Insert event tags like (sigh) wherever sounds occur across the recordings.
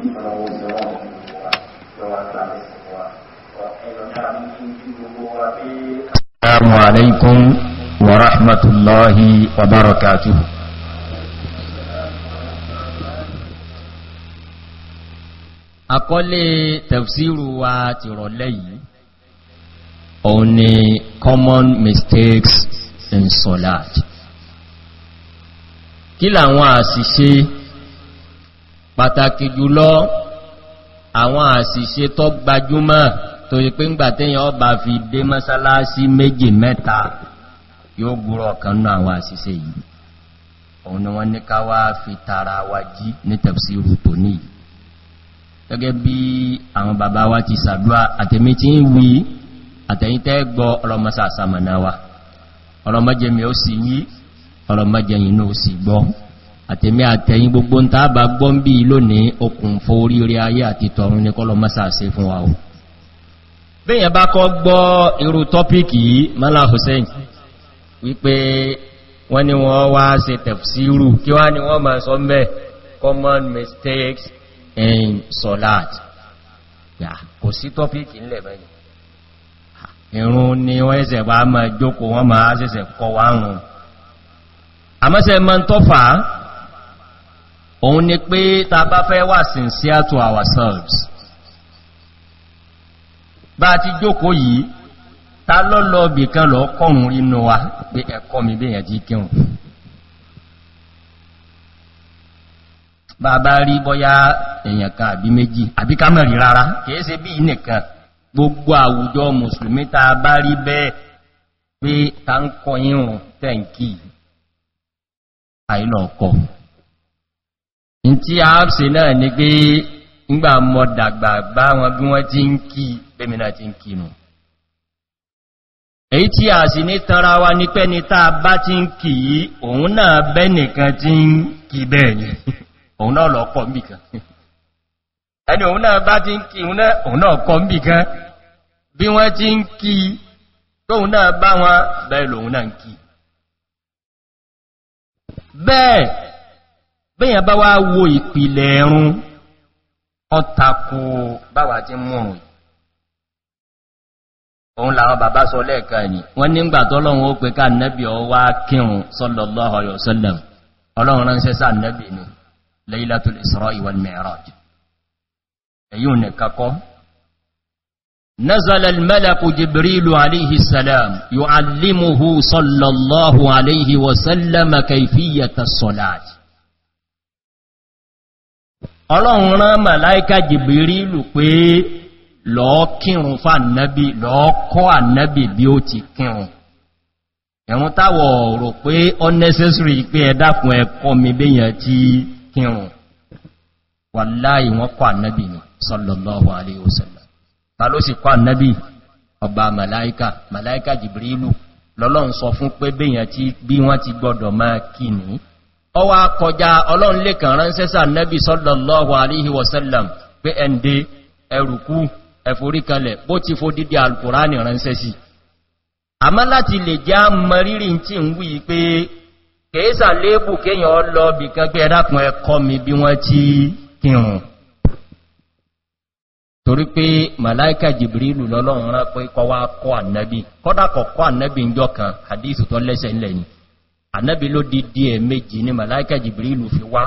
ọlọ́wọ́ ìjọba ìjọba tàbí ìwà ẹ̀rọ tàbí kí gbogbo wa tafsiru wa ti rọ̀lẹ́ common mistakes in Salat. Kí làwọn pàtàkì jùlọ àwọn àṣìṣe tó gbajúmọ̀ tó yí pé ń gbà téèyàn ọba fi dé mọ́sálásí méjì mẹ́ta yóò gúrọ̀ kan náà àwọn àṣìṣe yìí òun ni wọ́n ní ká wá fi tara wa jí ní tẹ̀síru tò ní gẹ́gẹ́ bí àwọn bàbá wa ti sàdúrà àtẹ̀mí tí ń wí àtẹ̀yìntẹ́ gbọ́ ọlọ́mọsàsàmọ̀ná wa ọlọ́mọjẹmi ó sì wí ọlọ́mọjẹyìn náà ó sì gbọ́ àtẹ̀mí àtẹ̀yìn gbogbo ń tàbà gbọ́n bí lónìí okùn fó oríire ayé àti tọrún ní kọ́lọ mọ́sàásí fún wa o bíyàn bá kọ́ gbọ́ irú tọ́píkì yìí mọ́lá hussein wípé wọ́n ni wọ́n wá se tẹ̀fṣírù kí wá ni wọ́n ma sọ mẹ́ common mistakes in solat kò sí tọ́píkì ńlẹ̀ bẹ́yìn ni wọ́n ẹsẹ̀ bá mọ́ jókòó wọ́n ma á sẹ́sẹ̀ àmọ́sẹ̀ mọ́ tọ́fàá òun ni pé ta bá fẹ́ wà sincere to ourselves bá ti jókòó yìí ta lọ́lọ́ bì kan lọ kọrùn rínú wa pé ẹ̀kọ́ mi bí ẹ̀jì kíhùn bá bá rí bọ́yá èyàn kan àbí méjì àbí ká mẹ́rin rárá kìí ṣe bí nìkan gbogbo àwùjọ mùsùlùmí ta bá rí bẹ́ẹ̀ pé ta ń kọ yíhùn tẹ́ǹkì àìlọ́ọ̀kọ̀ọ́ in tí a ṣe náà ni pé ngbà mọ̀ dàgbà bá wọn bí wọ́n ti ń kí pẹ́mìnà ti ń kí nù èyí tí a sì ní tanra wa ní pẹ́ ni táa bá ti ń kì yí òun náà bẹ́ nìkan ti ń kì bẹ́ẹ̀ ni (laughs) òun náà lọ pọ̀ mìkan (laughs) ẹni òun náà bá ti ń kí òun náà kọ́ mì kan bí wọ́n ti ń kí tóun náà bá wọn bẹ́ẹ̀ lòun náà ń kí bẹ́ẹ̀ bẹ́yàn bá wá wo ìpìlẹ̀ ẹ̀rùn ọ̀tàkù báwà tí mọ̀rùn òun làwọn bàbá sọ lẹ́ẹ̀kan ni wọ́n nígbà tọ́lọ́run ó pé ká nẹ́bì ọwá kírùn sọ́lọ̀lọ́họ̀ ọ̀yọ̀sọ́lẹ̀m ọlọ́run ránṣẹ́ نزل الملك جبريل عليه السلام يعلمه صلى الله عليه وسلم كيفية الصلاة ọlọ́run rán màláíkà jìbìrìlù pé lọ kírùn fà náàbì lọ kọ́ ànábì bí ó ti kírùn ẹ̀rùn táwọ̀ rò pé unnecessary pé ẹ̀dàkùn ẹ̀kọ́ mi béyàn ti kírùn wà láì wọ́n kọ́ ànábì ní sọ́lọ̀lọ́wọ́ aléhùsọ̀lọ̀ ta ló sì kọ́ ànábì ọba màláíkà màláíkà jìbìrìlù lọ́lọ́run sọ fún pé béyàn ti ọwá kọjá ọlọ́run lè ránṣẹ́ sà nẹ́bí sọ́lọ̀lọ́wọ́ aléhi wọ̀sẹ́lẹ̀m pé ẹ̀ndé ẹrùkú ẹ̀foríkanlẹ̀ bó ti fó dídí alkùránì ránṣẹ́ sí àmá láti lè já mọ̀rírì tí ń wí pé kèésà lébù kéyàn lọ bì mi bí wọ́n ti kírùn torí pé màláìkà jìbìrìlù lọ́lọ́run rán pé kọwàá kọ́ ànẹ́bì kọ́dàkọ̀ kọ́ ànábì ló di díẹ̀ méjì ní màláíkà jìbìrìlù fi wá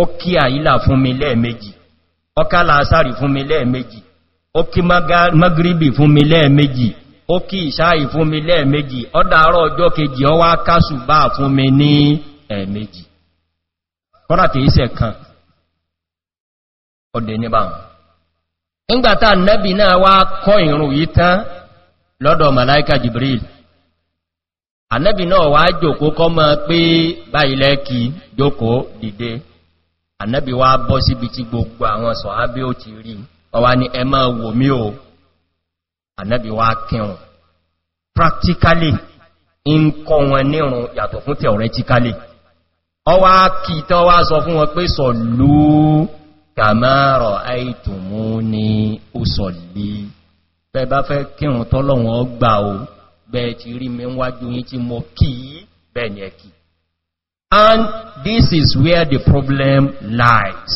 ó kí àílà fún mi lẹ́ẹ̀mejì ọká làásàrì fún mi lẹ́ẹ̀mejì ó kí magribi fún mi lẹ́ẹ̀mejì ó kí ìṣáì fún mi lẹ́ẹ̀mejì ọ dáárọ̀ ọjọ́ kejì ọ wá kásùbá fún mi ní ẹ̀ẹ̀mejì lọ́dọ̀ màláíkà jìbìrìlù ànẹ́bì náà wá jòkó kọ́ mọ́ pé bá ilẹ̀ kì jòkó dìde ànẹ́bì wá bọ́ síbi tí gbogbo àwọn sọ̀hábé ó ti rí ọwá ní ẹmọ́ wò mí o ànẹ́bì wá kírùn practically in kọ́ wọn nírùn yàtọ̀ fún theoretically ọwá kì tán wá sọ fún wọn pé sọ̀lú kàmárọ̀ àìtùmú ni ó sọ̀lé bẹ́ bá fẹ́ kírùn tọ́lọ̀wọ̀n gbà o bẹ́ẹ̀ ti rí mi wájú yí tí mo kí bẹ́ẹ̀ ni ẹ̀kì and this is where the problem lies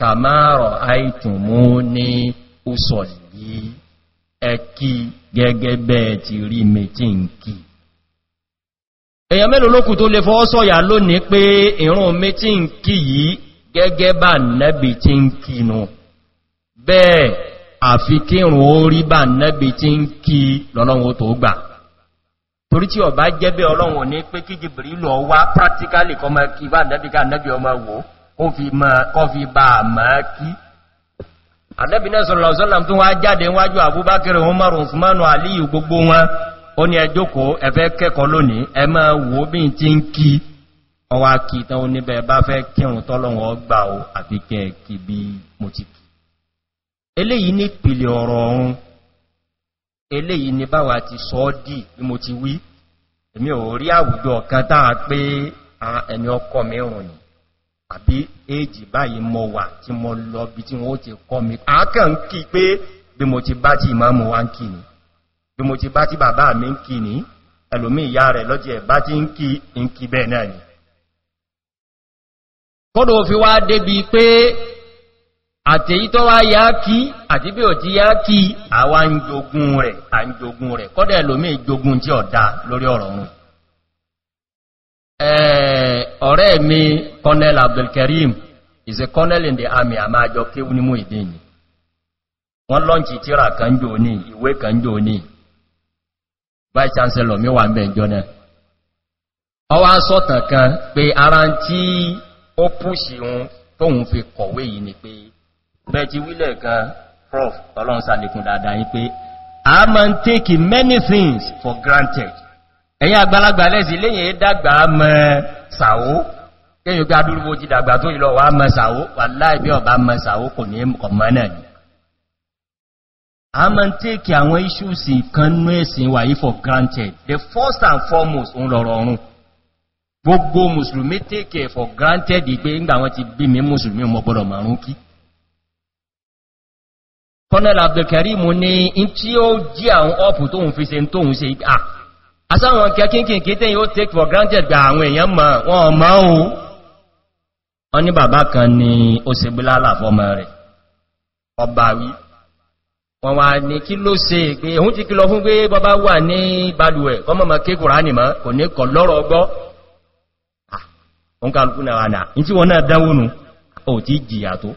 kàmárọ̀ àìtùmú ní òsọ̀lì ẹ̀kì gẹ́gẹ́ bẹ́ẹ̀ ti rí mi tí ń kí èyàn mẹ́lò lókù tó lè fọ́ sọ̀yà lónìí pé ìrún mi tí ń kí yìí gẹ́gẹ́ bá nẹ́bì tí ń kí nù bẹ́ẹ̀ àfikírùn orí bá nẹ́bì tí ń kí lọ́lọ́run tó gbà torí tí ọba jẹ́bẹ̀ ọlọ́wọ̀n ní pé kí jìbìrìlù ọwá practically kọ mọ́ kí bá nẹ́bíká nẹ́bí ọmọ wò ó fi bá mọ́ kí àdẹ́bìnẹ́ sọ̀rọ̀lọ́sọ́làm tó wá jáde wájú àbúbákẹrẹ homer usmanu aliyu gbogbo wọn ó ní ẹjọ́kọ́ ẹfẹ́ kẹ́kọ́ lónìí ẹ mọ́ wò bí i ti ń kí ọwá kí eléyìí ni báwa ti sọ ọ́ dì bí mo ti wí èmi ò rí àwùjọ kan táà pé ẹ̀mí ọkọ̀ mi rùn ní àbí èjì báyìí mọ wà tí mo lọ bí tí wọ́n ti kọ́ mi àákàn ń kí pé bí mo ti bá ti ìmáàmù wa ń kì ní bí mo ti bá ti bàbá mi ń kì ní ẹlòmí ìyá rẹ̀ lọ́jẹ́ bá ti ń kí ń kí bẹ́ẹ̀ náà ni kọ́dọ̀ fi wá débi pé àtèyí tó wá yá kí àti bí ò ti yá kí àwa ń jogun rẹ̀ à ń jogun rẹ̀ kọ́dẹ̀ lómí jogun tí ọ̀dá lórí ọ̀rọ̀ ọ̀run ọ̀rẹ́ mi colonel abdulkarim is a colonel in the army a máa jọ kéwú ní mú ìdí ni wọ́n lọ́nchì tíra kan jò ní ìwé kan jò ní vice chancellor mi wà mẹ́ ìjọ náà ọwá sọ́tàn kan pé ara tí ó pùsì tóun fi kọ̀wé yìí ni pé bẹ́ẹ̀ ti wílẹ̀ kan prof ọlọ́nsàlẹ̀kùn dáadáa yí pé a ma ń take many things for granted ẹ̀yìn àgbàlagbà lẹ́sì léyìn dàgbà mọ́ sàwó kéyìn gbá dúrúwó ti dàgbà tó ìlọ wà mọ́ sàwó wà láìbí ọba mọ́ sàwó kò ní ọmọ náà ni a ma issues kanú for granted the first and foremost ń lọ̀rọ̀ ọ̀run gbogbo musulmi take for granted pé ń gbà wọn ti bí mi musulmi mọ́ gbọ́dọ̀ márùn kí kọ́nẹ̀lì abdulkarimu ní in tí ó jí àwọn ọ́pù tóhun fi se tóhun se à asáwọn kẹkínkìnkí tí yóò take for granted gba àwọn èèyàn mọ̀ wọn mọ́ o wọ́n ní bàbá kan ni ó se bí lálà fọ́mọ rẹ̀ ọba wí wọ́n wà ní kí ló se pé òun ti kílọ fún pé bọ́bá wà ní balùwẹ̀ kọmọ̀mọ̀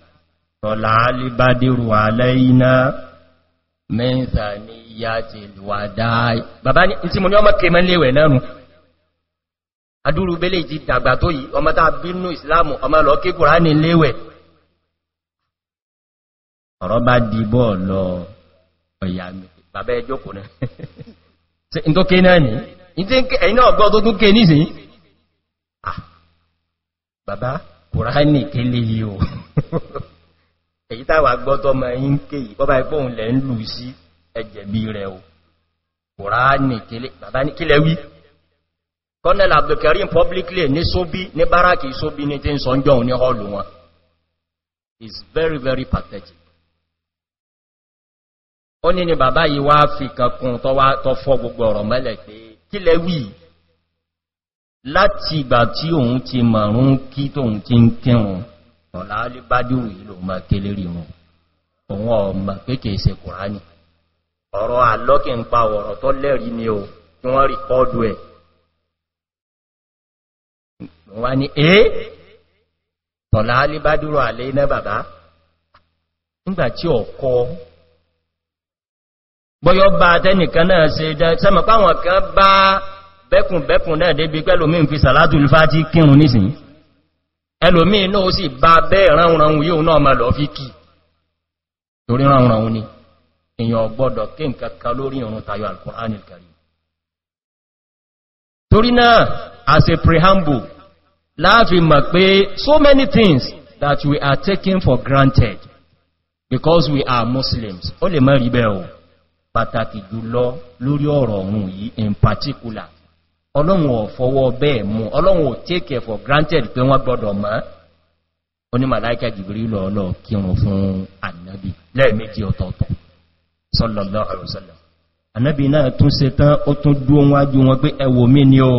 tọ̀láàlì bá dìrù aláìná mẹ́ta ní ìyá ti bàbá ní mo ní ọmọ kèmọ́ léwẹ̀ lẹ́rùn adúrú belé ti dàgbà tó yìí ọmọ tàà bínú ìsìláàmù ọmọ lọ kí kùrá ní léwẹ̀ ọ̀rọ̀ bá dìbọ̀ lọ ọ̀yà ní ah, o (laughs) èyí táwà gbọ́tọ́ ma yí ń ké yìí bọ́bá ipò òun lẹ̀ ń lù sí ẹjẹ̀bí rẹ̀ o kòránì kílẹ̀ wí kọ́nẹ̀lá abdulkarim publicly ní sóbí ní báràkì sóbí ní tí ń sọ jọun ní hall wọn is very very pathetic ó ní ni bàbá yìí wá fi kankun tó fọ́ gbogbo ọ̀rọ̀ mẹ́lẹ̀ pé kílẹ̀ wí láti ìgbà tí òun ti mọ̀rún kí tóun ti ń kírun ọ̀nà alìbádìwò ìlò ma kélé rí wọn òun ọmọ kéèkèé se kùránì ọ̀rọ̀ alọ́kì ń pa ọ̀rọ̀ tó lẹ́rí ni o kí wọ́n rí kọ́ọ̀dù ẹ̀ wọ́n ni e tọ̀lá alìbádìwò alẹ́ iná bàbá nígbàtí ọ̀kọ́ bọ́yọ́ bá tẹ́nìkan náà se sẹ́mọ̀ páwọn kan bá bẹ́kùnbẹ́kùn náà débi pẹ́lú mí ń fi sàlátù ìlúfà tí kírun nísìnyí ẹlòmíì náà sì bá bẹ́ẹ̀ ránranun yóò náà ma lọ fi kí torí ránranun ni èyàn gbọ́dọ̀ kí n kàkà lórí ìrun tayọ alkùnrin kàrí torí náà as a preamble láàfi mọ̀ pé so many things that we are taking for granted because we are muslims ó lè mọ́ rí bẹ́ẹ̀ o pàtàkì jùlọ lórí ọ̀rọ̀ ọ̀run yìí in particular ọlọ́run ò fọwọ́ bẹ́ẹ̀ mú ọlọ́run ò take for granted pé wọ́n gbọ́dọ̀ mọ́ onímàláíkà jìbìrí lọ lọ kírun fún annabi lẹ́ẹ̀mejì ọ̀tọ̀ọ̀tọ̀ sọ́lọ̀lọ́ Sallallahu alaihi wasallam. tún se tán ó tún dú ohun ajú wọn pé ẹwò mí ni ó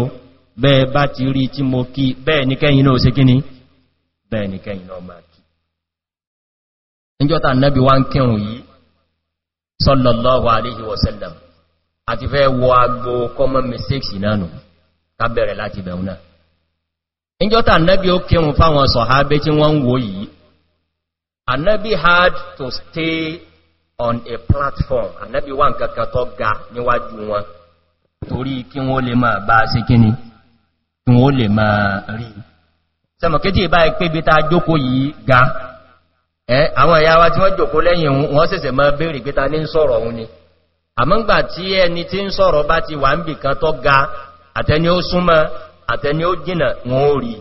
bẹ́ẹ̀ bá ti rí tí mo kí bẹ́ẹ̀ ní kẹ́yìn àti fẹ́ wọ agbó common mistakes nánu kábẹ̀rẹ̀ láti bẹ̀rún náà níjọ́ta annabi ó kírun fáwọn sọ̀hábé tí wọ́n ń wò yìí annabi had to stay on a platform annabi wà ga níwájú wọn torí kí wọ́n lè máa bá sí kíní kí wọ́n lè máa rí sẹmọ̀kéjì bí ta jókó yìí ga ẹ́ àwọn ìyáwá tí wọ́n jókó lẹ́yìn wọ́n sẹ̀sẹ̀ máa pé ta ní sọ̀rọ̀ òun àmọ́ngbà tí ẹni tí ń sọ̀rọ̀ bá ti wà ń bì kan tó ga àtẹni ó súnmọ́ àtẹni ó jìnà wọn ó rí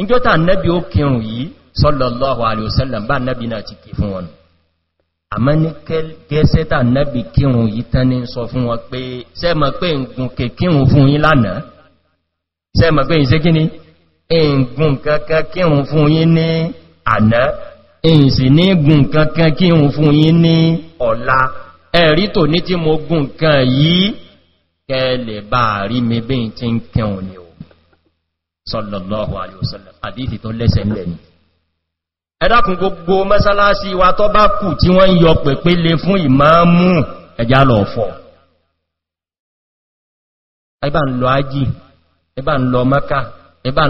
ìjọta nẹ́bí ó kírùn yìí sọ́lọ̀lọ́wọ́ àríòsẹ́lẹ̀ bá nẹ́bí náà ti kì fún wọn àmọ́ ní gẹ́sẹ́ta nẹ́bí kírùn yìí tán ní sọ fún wọn pé sẹ́mọ̀ pé ǹgùn kírùn fún yín lánàá sẹ́mọ̀ pé ìṣẹ́ kíní ǹgùn kankan kírùn fún yín ní àná ìsìn ní gùn kankan kírùn fún yín ní ọ̀la ẹ̀rí tò ní tí mo gùn kan yìí kẹlẹ̀ bá rí mi bí i tí ń kẹun ni o sallallahu alaihi wasallam àdífì tó lẹ́sẹ̀ mẹ́ ni ẹ̀dàkùn gbogbo mẹ́sálásí wa tọ́ bá kù tí wọ́n yọ pẹ̀pẹ́lẹ̀ fún ìmáàmù ẹjá lọ fọ́ ẹbá ń lọ ájì ẹbá ń lọ mẹ́ká ẹbá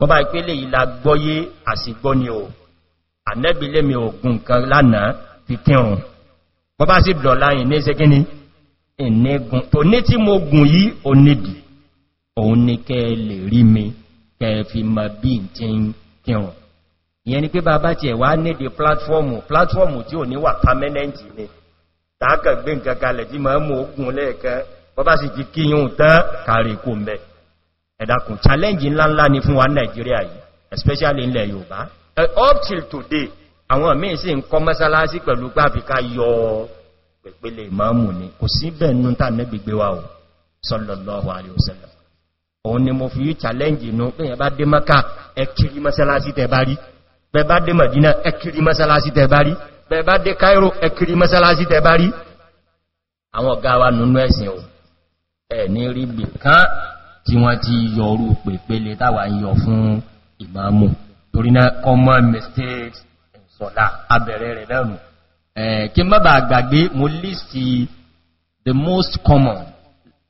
wọ́n bá ìpé lè ìlà gbọ́yé àsìgbọ́ ni ò ànẹ́bìlé mi ògùn kan lánàá fi kírùn wọ́n bá sì blọ̀ láyìn ní ṣe kíní ìnígun tó ní tí mo gùn yí o nìdì òun ní kẹ́ lè rí mi kẹ́ fi mọ bí n ti ń kírùn ìyẹn ni pé bàbá ti ẹ̀wà nìdì pláfọ́ọ̀mù pláfọ́ọ̀mù tí ò ní wà pámẹ́nẹ́ntì ni tàákà gbé nǹkan kalẹ̀ tí mọ́ mọ́ ogun lẹ́ẹ̀kan wọ́n bá sì ti kíyùn tán kàrí kò mẹ́ẹ̀ ẹ̀dàkùn challenge ńláńlá ni fún wa Nigeria yìí especially ilẹ̀ yorùbá up till today àwọn míì sí ń kọ mẹ́sálásí pẹ̀lú gbáfíká yọ pẹ̀pẹ̀lẹ̀ ìmáàmù ni kò sí bẹ̀ẹ̀nú tà nẹ́gbẹ̀gbẹ̀ wa ò sọ́lọ̀lọ́wọ́ àríòsẹ́lẹ̀ challenge inú pé ẹ̀bá dé mọ́ká ẹkiri mẹ́sálásí tẹ bá rí bẹ́ẹ̀bá dé mọ̀dínà ẹkiri mẹ́sálásí tẹ bá rí bẹ́ẹ̀bá dé cairo ẹkiri wa nínú ẹ̀sìn ẹ̀ ní rí bìkan tí wọ́n ti yọrù pèpele táwà ń yọ fún ìmáàmù torí náà common mistakes sọ̀lá abẹ̀rẹ̀ rẹ̀ lẹ́rù kí mọ́ bá gbàgbé mo lístì the most common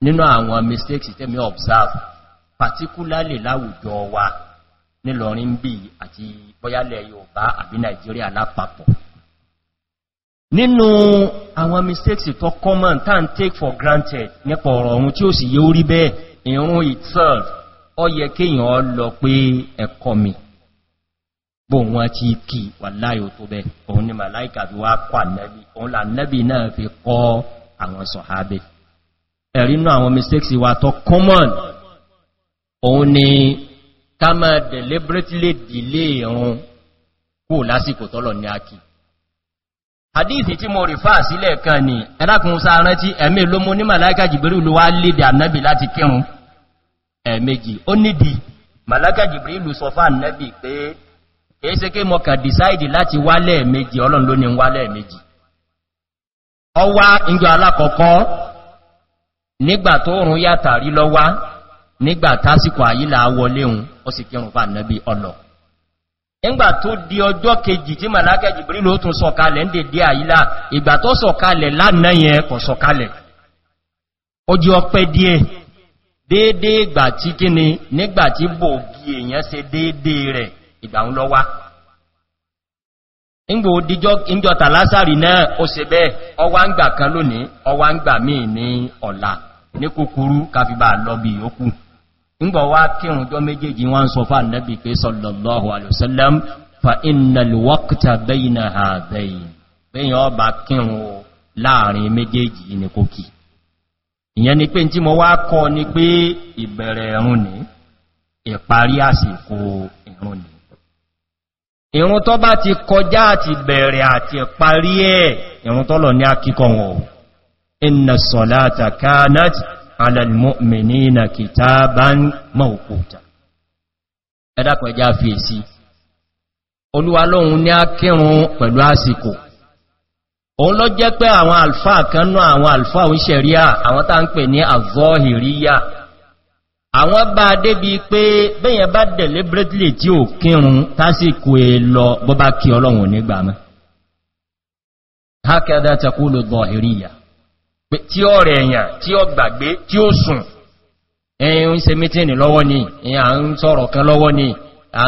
nínú àwọn mistakes mi observe particularly láwùjọ wa nílọrin bí àti bọ́yálẹ̀ yóòbá àbí nigeria lápapọ̀ nínú àwọn mistakes tó common tán take for granted nípa ọ̀rọ̀ ọ̀run tí ó sì yé orí bẹ́ẹ̀ ìrún itself ọ yẹ kíyàn lọ pé ẹ̀kọ́ mi bó wọn ti kí wà láyò tó bẹ́ òun ni màláìkà fi wá kọ ànẹ́bí òun là nẹ́bí náà fi kọ́ àwọn sọ̀hábẹ̀ ẹ̀rínú àwọn mistakes wa tọ́ common òun ni ká máa deliberately delay ìrún kó lásìkò tọ́lọ̀ ní ákì hadithi tí mo rìfà sílẹ̀ kan ni ẹlákùn sáà rántí ẹ̀mí ló mú ní màláìkà jìbìrì ló wá lédè ànẹ́bí láti kírun ẹ̀ẹ̀mejì ó nídi màláka jìbìrìlù sọ fà nẹ́bì pé èése ké mọ́kà dìsáìdì láti wálẹ̀ ẹ̀ẹ̀mejì ọlọ́run ló ní wálẹ̀ ẹ̀ẹ̀mejì ọwá ìjọ alákọ̀ọ́kọ́ nígbà tó rún yàtàrí lọ́wá nígbà tásìkò àyílà wọléhun ó sì kírùn fà nẹ́bì ọlọ̀ nígbà tó di ọjọ́ kejì tí màláka jìbìrìlù ó tún sọ̀kalẹ̀ ń ọpẹ́ díẹ̀ déédé ìgbà tí kí ni nígbà tí bòògì èèyàn se déédé rẹ̀ ìgbà ń lọ́wá ìgbò ìjọ tàlásàrì náà ó se bẹ́ẹ̀ ọwá ń gbà kan lónìí ọwá ń gbà míì ní ọ̀la ní kúkúrú káfíbà lọ́bì yókù láàrin méjèèjì ní ìyẹn ni pé tí mo wá kọ́ ni pé ìbẹ̀rẹ̀ ẹ̀rùn ní ìparí àsìkò ìrùn ní ìrùn tó bá ti kọjá àti bẹ̀rẹ̀ àti ìparí ẹ̀ ìrùn tó lọ ní akíkọ wọn iná sọ̀láta kánat alàlmọ́mìnà kìtà bá ń mọ́ òkúta ẹ̀dàpẹ̀já fèsì olúwa lóhun ní akírun pẹ̀lú àsìkò òun lọ jẹ́ pé àwọn alfa kan náà àwọn alfa òun ṣẹ̀ríà àwọn tá ń pè ní àzọ́hìríyà àwọn bá débi pé bẹ́yẹn bá dẹ̀lé brettley tí ò kírun tásìkò è lọ bọ́bá kí ọlọ́run nígbà mọ́ hákẹ́dá takúlù zọ́hìríyà tí ó rẹ̀ èyàn ni à ń sọ̀rọ̀ kan lọ́wọ́ ni à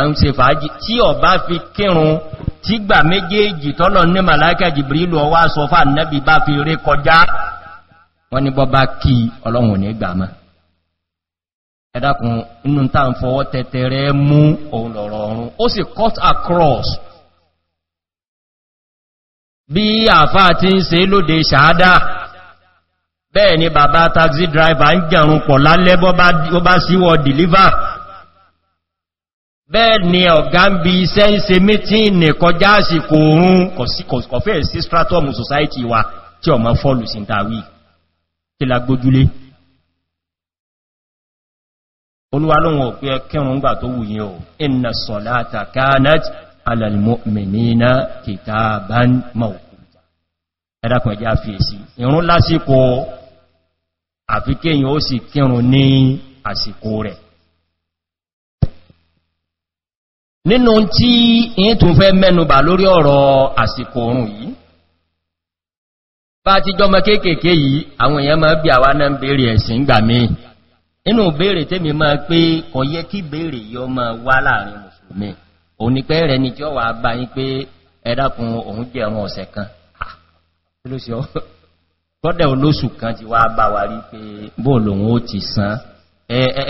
tí gbà méjèèjì tọ́lọ ní màláíkà jìbìrìlù ọwá sọ fà nẹ́bì bá fi rí kọjá wọ́n ní bọ́bá kí ọlọ́run ní gbà mọ́ ẹ̀dàkùn inú ta ń fọwọ́ tẹ́tẹ́rẹ mú ohun lọ̀rọ̀ ó sì cut across bí àfá ti ń se lóde ṣàádá bẹ́ẹ̀ ni bàbá taxi driver ń jẹ̀rún pọ̀ lálẹ́ bọ́ síwọ́ deliver bẹ́ẹ̀ ni ọ̀gá ń bí iṣẹ́ ìse mítíìnì kọjá àsìkò oòrùn kọ̀fẹ́ sí stratum society wa tí ọmọ fọ́lù sí ìtàwí tí lágbójúlé olúwalóhun òpí ẹkẹrùn ún gbà tó wù yíò iná sọ̀láta kánat alàlmọ́mìnà kìtà bá ń mọ̀ ẹ̀dàkùn ẹjá fèsì ìrún lásìkò àfikẹ́yìn nínú tí èyí tó fẹ́ mẹ́nubà lórí ọ̀rọ̀ àsìkò oòrùn yìí bá ti jọmọ kéèkèé yìí àwọn èèyàn máa bí àwá náà bèèrè ẹ̀sìn gbà mí inú bèèrè tèmi máa pé kọ yẹ kí bèèrè yọ máa wá láàrin mùsùlùmí onípẹ́ rẹ̀ ni tí ó wà bá yí pé ẹ̀dàkùn òun jẹ́ ẹ̀wọ̀n ọ̀sẹ̀ kan tọ́dẹ̀ olóṣù kan ti wá bá wa rí pé bóòlù òun ó ti san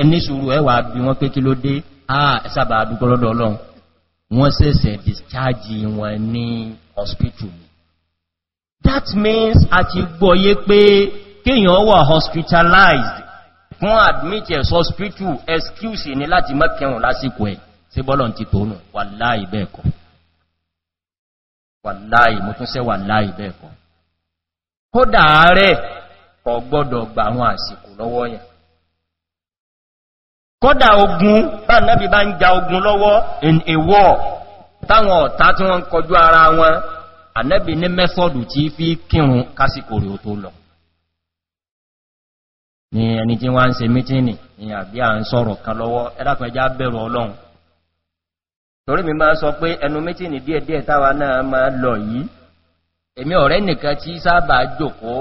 ẹni sùúrù ẹwà bí wọ́n pé kí ló dé ah ẹsàbà àdúgbọ́lọ́dọ̀ ọlọ́run wọ́n sẹ́sẹ̀ discharge wọn ní hospital that means a ti gbọ́yé pé kéèyàn wà hospitalized fún admit ẹ̀sọ́ hospital excuse ni láti mọ́kẹrùn lásìkò ẹ̀ sí bọ́lọ̀ ti tónù wà láì bẹ́ẹ̀kọ́ wà láì mú tún sẹ́ wà láì bẹ́ẹ̀kọ́ kódà rẹ̀ kọ̀ gbọ́dọ̀ gbà àwọn àsìkò lọ́wọ́ yẹn kọ́dà ogun tánàbí bá ń ja ogun lọ́wọ́ in a war táwọn ọ̀tá tí wọ́n ń kọjú ara wọn ànẹ́bì ní mẹ́sọ̀dù tí fi kírun kásìkò rí o tó lọ ni ẹni tí wọ́n ń se mítíni ni àbí à ń sọ̀rọ̀ kan lọ́wọ́ ẹlápẹjá bẹ̀rù ọlọ́run torí mi máa sọ pé ẹnu mítíni díẹ̀díẹ̀ táwa náà máa lọ yìí èmi ọ̀rẹ́ nìkan tí sábà jòkó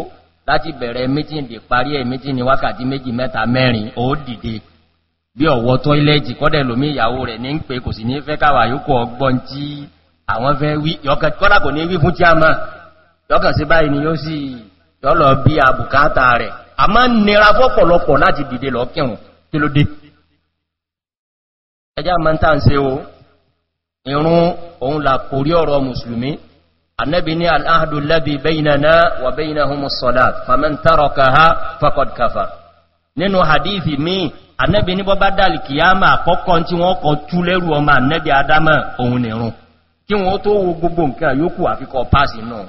láti bẹ̀rẹ̀ mítíni parí ẹ̀ mítíni wákàtí méjì mẹ́ta mẹ́rin ó dìde bí ọ̀wọ́ tó ilẹ́jì kọ́dẹ̀ lómi ìyàwó rẹ̀ ní ń pè kò sì ní fẹ́ káwà yóò ọgbọ́n tí àwọn fẹ́ wí kọ́lá kò ní wí fún tí a máa yọ́kàn sí báyìí ni yóò sì yọ́lọ̀ bí a bùkátà rẹ̀ a máa ń nira fọ́pọ̀lọpọ̀ annabi ni al'ahadu labi bayinana wa bayinahun musola famin tarọka ha fakọd kafa nínú hadithi mi anẹ́bì ní bọ́bá dàlì kìyàmà àkọ́kọ́ tí wọ́n kọ tú lẹ́rù ọmọ anẹ́bì adámọ̀ òun nìrún kí wọ́n tó wo gbogbo nǹkan yóò àfikọ́ páàsì náà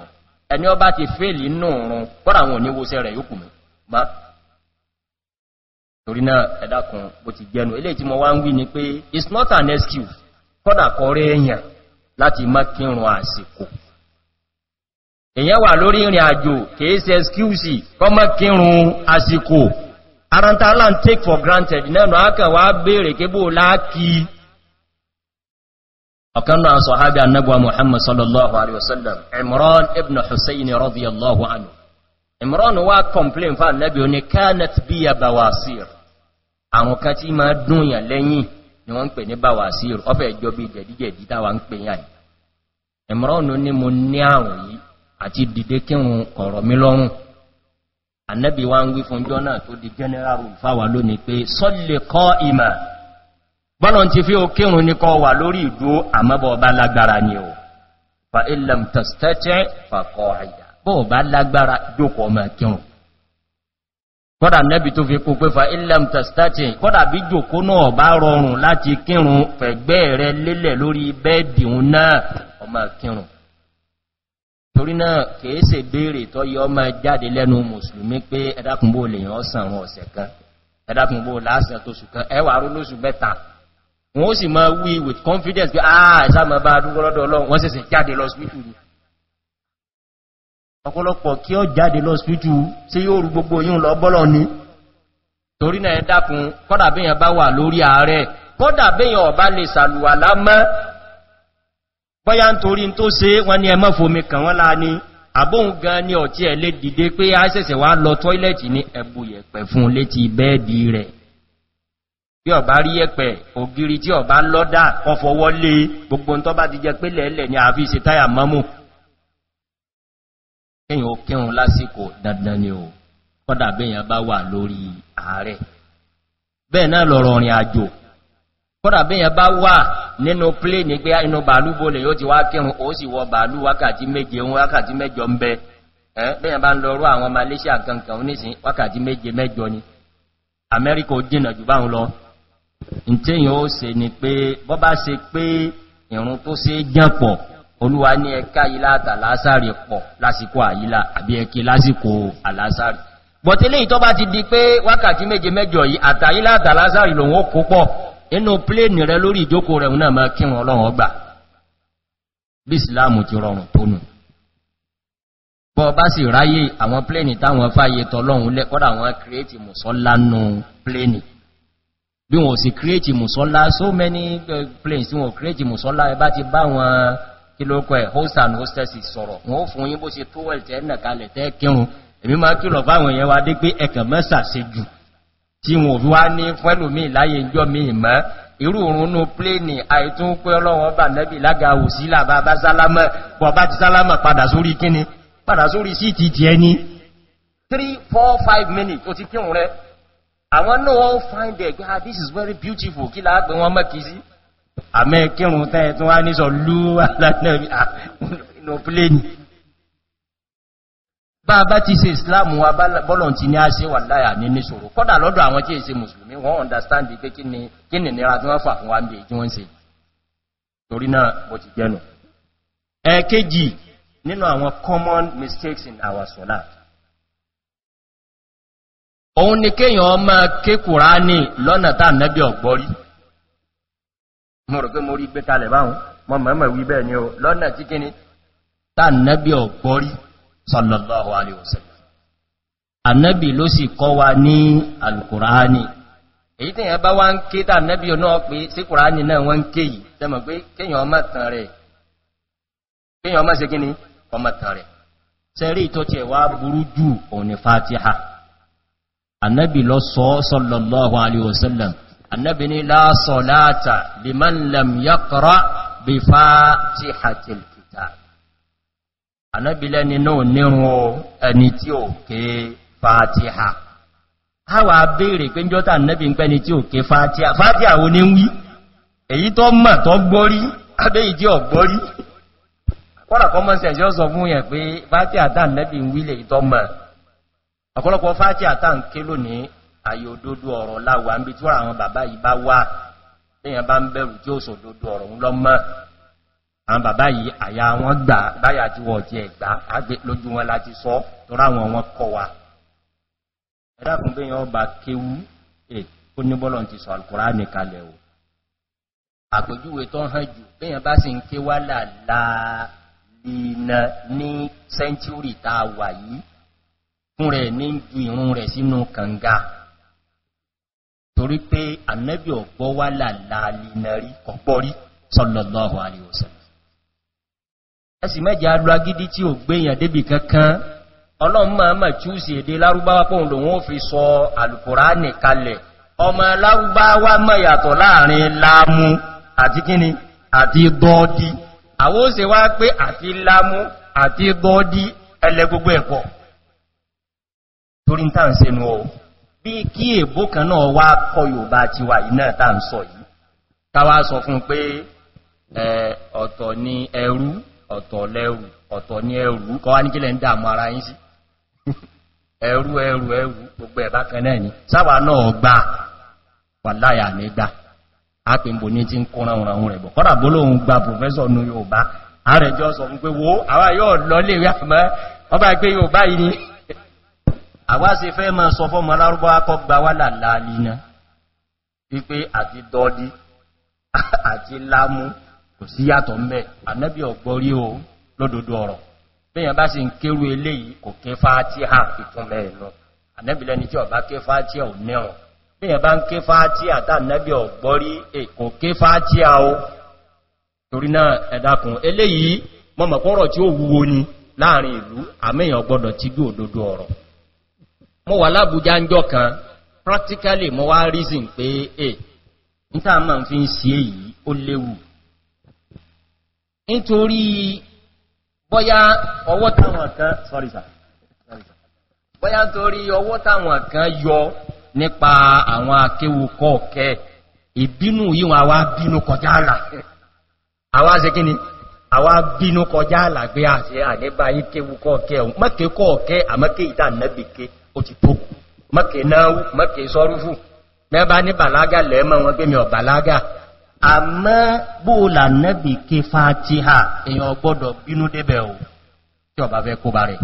ẹni ọba ti fèèlì náà rún kọ́dà wọn ò ní wo it's not an excuse kọ́dà kọrẹ èèyàn láti má kírun àsìkò èèyàn wà lórí ìrìn àjò kìí ṣe excuse kọ́ má kírun àsìkò àrántà aláà take for granted nẹ́nu akẹwàá bèèrè kébò láàkí ọ̀kan náà sọ hábí annabuwa muhammad sallallahu alaihi wasallam imran ibn hussein radiyallahu anhu imran wa complain fa annabi oni kanat bi ya bawasir àwọn kan tí ma dún yà lẹ́yìn ni wọ́n ń pè ní bawasir ọfẹ́ ìjọ bí jẹ̀díjẹ̀dí táwa ń pè yàn imran ni mo ní àwọn yìí àti dìde kírun kọ̀rọ̀ mi lọ́rùn annabi wa ń wí fún jọ́nà tó di general fáwà lónìí pé sọ́lẹ̀ kọ́ ìmà bọ́lọ̀ ti fi okérun ní kọ́ wà lórí ìdó àmọ́bọ̀ lágbára ni o fa ilam tastẹ́tẹ́ fàkọ́ àyà bọ́ ọba lágbára jókọ̀ ọmọ kírun kọ́dà annabi tó fa ilam tastẹ́tẹ́ kọ́dà bí jòkó náà bá rọrùn láti kírun fẹ̀gbẹ́ rẹ lélẹ̀ lórí torí náà kèése béèrè tó yọ ọmọ jáde lẹ́nu mùsùlùmí pé ẹ̀dàkùnbó lè yàn ọ̀sán àwọn ọ̀sẹ̀ kan ẹ̀dàkùnbó lásán tó ṣùkan ẹwà rólóṣù mẹ́ta wọ́n ó sì máa wí with confidence pé ah ìsáàmà bá dúgbọ́ lọ́dọ̀ ọlọ́run wọ́n sẹ̀sẹ̀ jáde lọ sípítù ni ọ̀pọ̀lọpọ̀ kí ọ jáde lọ sípítù sí yóò rú gbogbo yíò lọ bọ́lọ̀ ni torí náà ẹ̀dàkùn kọ́dàbíyàn bá wà lórí ààrẹ kọ́dàbíyàn ọ̀bá lè sàlùwà lámọ́ bọ́yá ń torí tó ṣe wọ́n ní ẹmọ́ fomi kàn wọ́n láà ní àbóhun gan ní ọ̀tí ẹ̀ lè dìde pé a ṣẹ̀ṣẹ̀ wá lọ tọ́ílẹ̀tì ní ẹ̀bù yẹ̀pẹ̀ fún létí bẹ́ẹ̀dì rẹ̀ bí ọ̀bá rí yẹ̀pẹ̀ ògiri tí ọ̀bá lọ́dá kan gbogbo tó bá ti jẹ pé lẹ́ẹ̀lẹ̀ ni àfi ṣe táyà mọ́mù kíyàn ó kírun lásìkò dandan ni ò kọ́dà bẹ́yàn bá wà lórí kọ́dà bí yẹn bá wà nínú pléènì pé inú bàálù bó lè yóò ti wá kírun ó sì wọ bàálù wákàtí méje ohun wákàtí mẹ́jọ ń bẹ bí yẹn bá ń lọ rú àwọn malaysia kankan onísìn wákàtí méje mẹ́jọ ni amẹ́ríkà ó dínà jù báhùn lọ ìtẹ́yìn ó se ni pé bọ́ bá se pé ìrùn tó se jẹ́pọ̀ olúwa ní ẹka ilá àtàlásàrì pọ̀ lásìkò àyílá àbí ẹkẹ lásìkò àlásàrì bọ̀tẹ́lẹ̀ ìtọ́ bá ti di pé wákàtí méje mẹ́jọ yìí àtàyílá àtàlásàrì lòun ó kó pọ̀ inú pléènì rẹ lórí ìjókòó rẹ̀ náà máa kí wọn ọlọ́run ọgbà bí ìsìláàmù ti rọrùn tónù bọ́ bá sì ráyé àwọn pléènì táwọn fàyè tọ́lọ́run lẹ́kọ́dà wọn kírètì mùsọ́lá nù pléènì bí wọn sì kírètì mùsọ́lá so many eh, planes tí wọn kírètì mùsọ́lá ẹbá ti bá wọn kílókọ and hostess sọ̀rọ̀ wọn ó fún yín bó ṣe tówẹ̀lì tẹ́ ẹ̀nà kalẹ̀ tẹ́ kírun èmi máa tí wọn òfin wá ní fẹ́lòmí láyé ìjọ mi ìmọ́ irú òrùn ní pléènì àìtún pé ọlọ́wọ́n bà nẹ́bì lága òsí làbá bá sálámọ̀ pọ̀ ti sálámọ̀ padà sórí kíni padà sórí sí ti ti ẹni 3-4-5 minutes ó ti kírùn rẹ find it ah, this is very beautiful kí láàpẹ wọn mọ́ (laughs) (laughs) bá bá ti se islam wa bọ́lọ̀n ti a ṣe wà láyà ní níṣòro kọ́dà lọ́dọ̀ àwọn tí è ṣe musulmi wọ́n understand pé kí ni nira tí wọ́n fà fún wa ń bí wọ́n se torí náà bó ti jẹ́nu ẹ̀kejì nínú àwọn common mistakes in our sola òun ni kéèyàn ọmọ kékùrá ní lọ́nà tá nẹ́bí ọ̀gbọ́rí mo rò pé mo rí gbé kalẹ̀ báhùn mọ́ mọ̀ wí bẹ́ẹ̀ ni o lọ́nà tí kíni tá nẹ́bí ọ̀gbọ́rí sallallahu alaihi wasallam annabi ló sì kọ́ wa ní alkùránì èyí tí yẹn bá wá ń ké tà annabi náà pé sí kùránì náà wọ́n ń ké yìí tẹ́mọ̀ pé kéyàn ọmọ tàn rẹ̀ kéyàn ọmọ se kíni ọmọ tàn rẹ̀ sẹ́rí tó tẹ̀ wá burú jù òun ni fatiha annabi lọ sọ sallallahu alaihi wasallam annabi ni la salata liman lam yaqra bi fatihatil ànábìlẹ́ ni náà nírun o ẹni tí ò ké fàtíhà a wà bèèrè pé jọta ànábì ń pẹ́ ni tí ò ké fàtíhà fàtíhà wo ní wí èyí tó mọ̀ tó gbọ́rí abẹ́ ìdí ọ̀gbọ́rí kọ́nà common sense yọ́ sọ fún yẹn pé fàtíhà tá ànábì ń wí lè tọ́ mọ̀ ọ̀pọ̀lọpọ̀ fàtíhà tá ń ké lónìí ayé òdodo ọ̀rọ̀ láwà ń bí àwọn bàbá yìí àyà wọn gbà báyà tí wọ́n ti ẹ̀gbà agbé lójú wọn láti sọ tó ráwọn wọn kọ wa ẹ̀dàkùn pé yàn bá kéwú ẹ̀ kó ní bọ́lọ̀ ti sọ alkùnrà ní kalẹ̀ o àpèjúwe tó hàn jù bẹ́yàn bá sì ń ké wá làlàlìnà ní sẹ́ńtúrì tá a wà yìí ẹ̀sì mẹ́jẹ̀ alú agídí tí ò gbéyàn débì kankan ọlọ́run máa mọ̀ tí ó sì èdè lárúbáwá pọ̀ lòun fi sọ alùkùrá nìkalẹ̀ ọmọ lárúbáwá mọ̀yàtọ̀ láàrin láàmú àti kíni àti gọ́ọ̀dí àwọn òsè wá pé àti láàmú àti gọ́ọ̀dí ẹlẹ gbogbo ẹ̀kọ́ torí ń tàn sínú ọ bí kí èbó kan náà wá kọ yorùbá ti wà iná tàn sọ yìí táwá sọ fún pé ọ̀tọ̀ ni ẹrú ọ̀tọ̀ lẹ́rù ọ̀tọ̀ ní ẹrù kọ́ wá ní kílẹ̀ ń dàmú ara yín sí ẹrù ẹrù ẹrù gbogbo ẹ̀bá kan náà ni sáwà náà gbà wà láyà ní gbà á pè mbò ní tí ń kó ránwọ̀n ránwọ̀n rẹ̀ bọ̀ kọ́dà gbólóhùn gba pòfẹ́sọ̀ nu yorùbá ààrẹ jọ sọ fún pé wo àwa yóò lọ lè rí àmọ́ ọba pé yorùbá yìí ni àwa sì fẹ́ máa sọ fọ́mọ alárúbọ́ akọ́ gba wà láàlá nínú wípé àti dọ́dí (laughs) àti lámú yàtọ̀ mẹ́ ànẹ́bí ọ̀gbọ́rí o lódòdó ọ̀rọ̀ bẹ́yàn bá sì ń kéru eléyìí kò ké fáátíà ìtúnmẹ́ ìlú ànẹ́bí lẹ́ni tí ọ̀bá ké fáátíà ò mẹ́rùn bẹ́yàn bá ń ké fáátíà tànẹ́bí ọ̀gbọ́rí kò ké o torí náà ẹ̀dàkùn eléyìí mọ́mọ̀kọ́rọ̀ tí ó wúwo ni láàrin ìlú àmẹ́yàn gbọ́dọ̀ tí bí òdòdó ọ̀rọ̀ mo wà lábújá ń jọ kan practically mo wá reason pé eh níta ma fi ń se èyí nítorí bọ́yá ọwọ́ táwọn kan sorry sir bọ́yá nítorí ọwọ́ táwọn kan yọ nípa àwọn akéwò kọ́ọ̀kẹ́ ìbínú yíwọn àwá bínú kọjá àlà àwá ṣe kí ni àwá bínú kọjá àlà gbé àṣẹ àníbà yí kọ́ọ̀kẹ́ ọ̀hún mọ́kẹ́ kọ́ọ̀kẹ́ àmọ́kẹ́ ìdá nẹ́bìkẹ́ ó ti tó mọ́kẹ́ náà mọ́kẹ́ mẹ́bá ní bàlágà mi ọ̀ bàlágà àmọ́ bóòlà nẹ́bì ké fàájíhà èyàn gbọ́dọ̀ bínú débẹ̀ ò tí ọba fẹ́ kó bá rẹ̀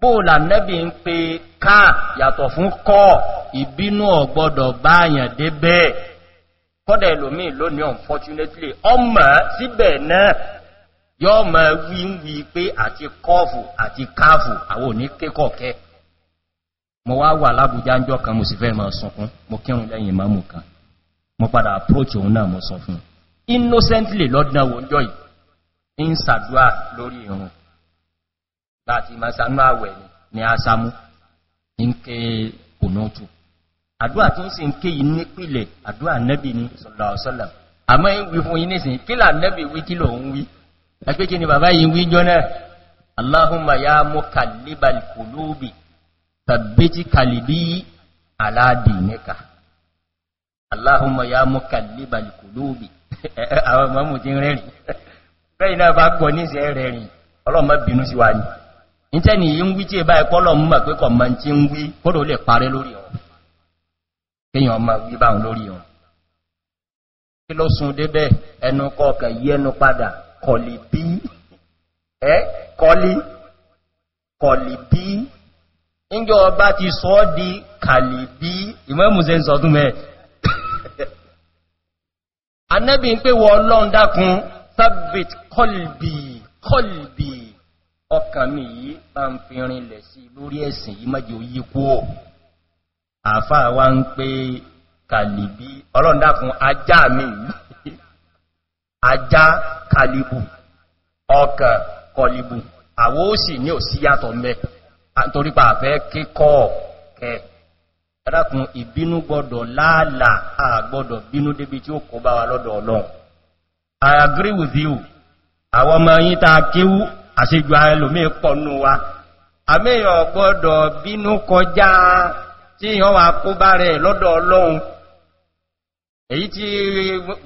bóòlà nẹ́bì ń pe káà yàtọ̀ fún kọ́ ìbínú ọ̀gbọ́dọ̀ báyàn débẹ̀ kọ́dẹ̀ ẹlòmí lónìí unfortunately ọmọ síbẹ̀ náà yọ́ mọ̀ wí ń wí pé àti kọ́ọ̀fù àti káàfù àwọn òní kékọ̀ọ́kẹ́ mo wá wà lábújá ń jọ kan mo sì fẹ́ mọ̀ sunkún mo kírun lẹ́yìn mọ́mù kan mo padà approach òun náà mo sọ fún innocently lọ́dún àwọn ọjọ́ yìí ń sàdúà lórí ìrùn láti masanú àwẹ̀ ni a sámú ń ké kùnútù àdúà tí ń sì ń ké yìí nípìlẹ̀ àdúà nẹ́bì ní sọ̀lọ̀sọ̀lọ̀ àmọ́ ìwí fún yìí nìsìn kí ni bàbá yìí wí ya mú kàlíbàlì kòlóòbì tàbí tí kàlìbí aláhùnmọ̀ ya mọ́ kàlíbàlì kò àwọn mọ́mù ti rẹ̀rìn rẹ̀yìn náà bá gbọ́ níṣẹ́ rẹ̀rìn ọlọ́mọ bínú sí wa ní ìtẹ́ni yí ń wí tí ẹbá ẹ̀kọ́lọ̀ mọ́ pé kọ̀ tí ń wí kódò lè parẹ́ lórí ọ̀ kéyàn ọmọ wí lórí kí ló anẹ́bí ń pè wọ ọlọ́run dákun thabit kọlbì kọlbì ọkàn mi yìí bá ń fi rinlẹ̀ sí lórí ẹ̀sìn yìí mọ́jọ yí kú ọ̀ àfà wá ń pè kàlìbí ọlọ́run dákun ajá mi (laughs) ajá kàlìbù ọkàn kọlìbù àwọ́ òsì ní òsíyàtọ̀ mẹ́ torípa àfẹ́ kíkọ́ kẹ́ẹ̀ ẹ̀rákùn ìbínú gbọdọ̀ láàlà àgbọdọ̀ bínú débi tí ó kọ bá wa lọ́dọ̀ ọlọ́run i agree with you àwọn ọmọ yí ta kíwú àṣíjú ẹlòmí pọ̀nú wa àmìyàn gbọdọ̀ bínú kọjá tí yàn wà kó bá rẹ̀ lọ́dọ̀ ọlọ́run èyí tí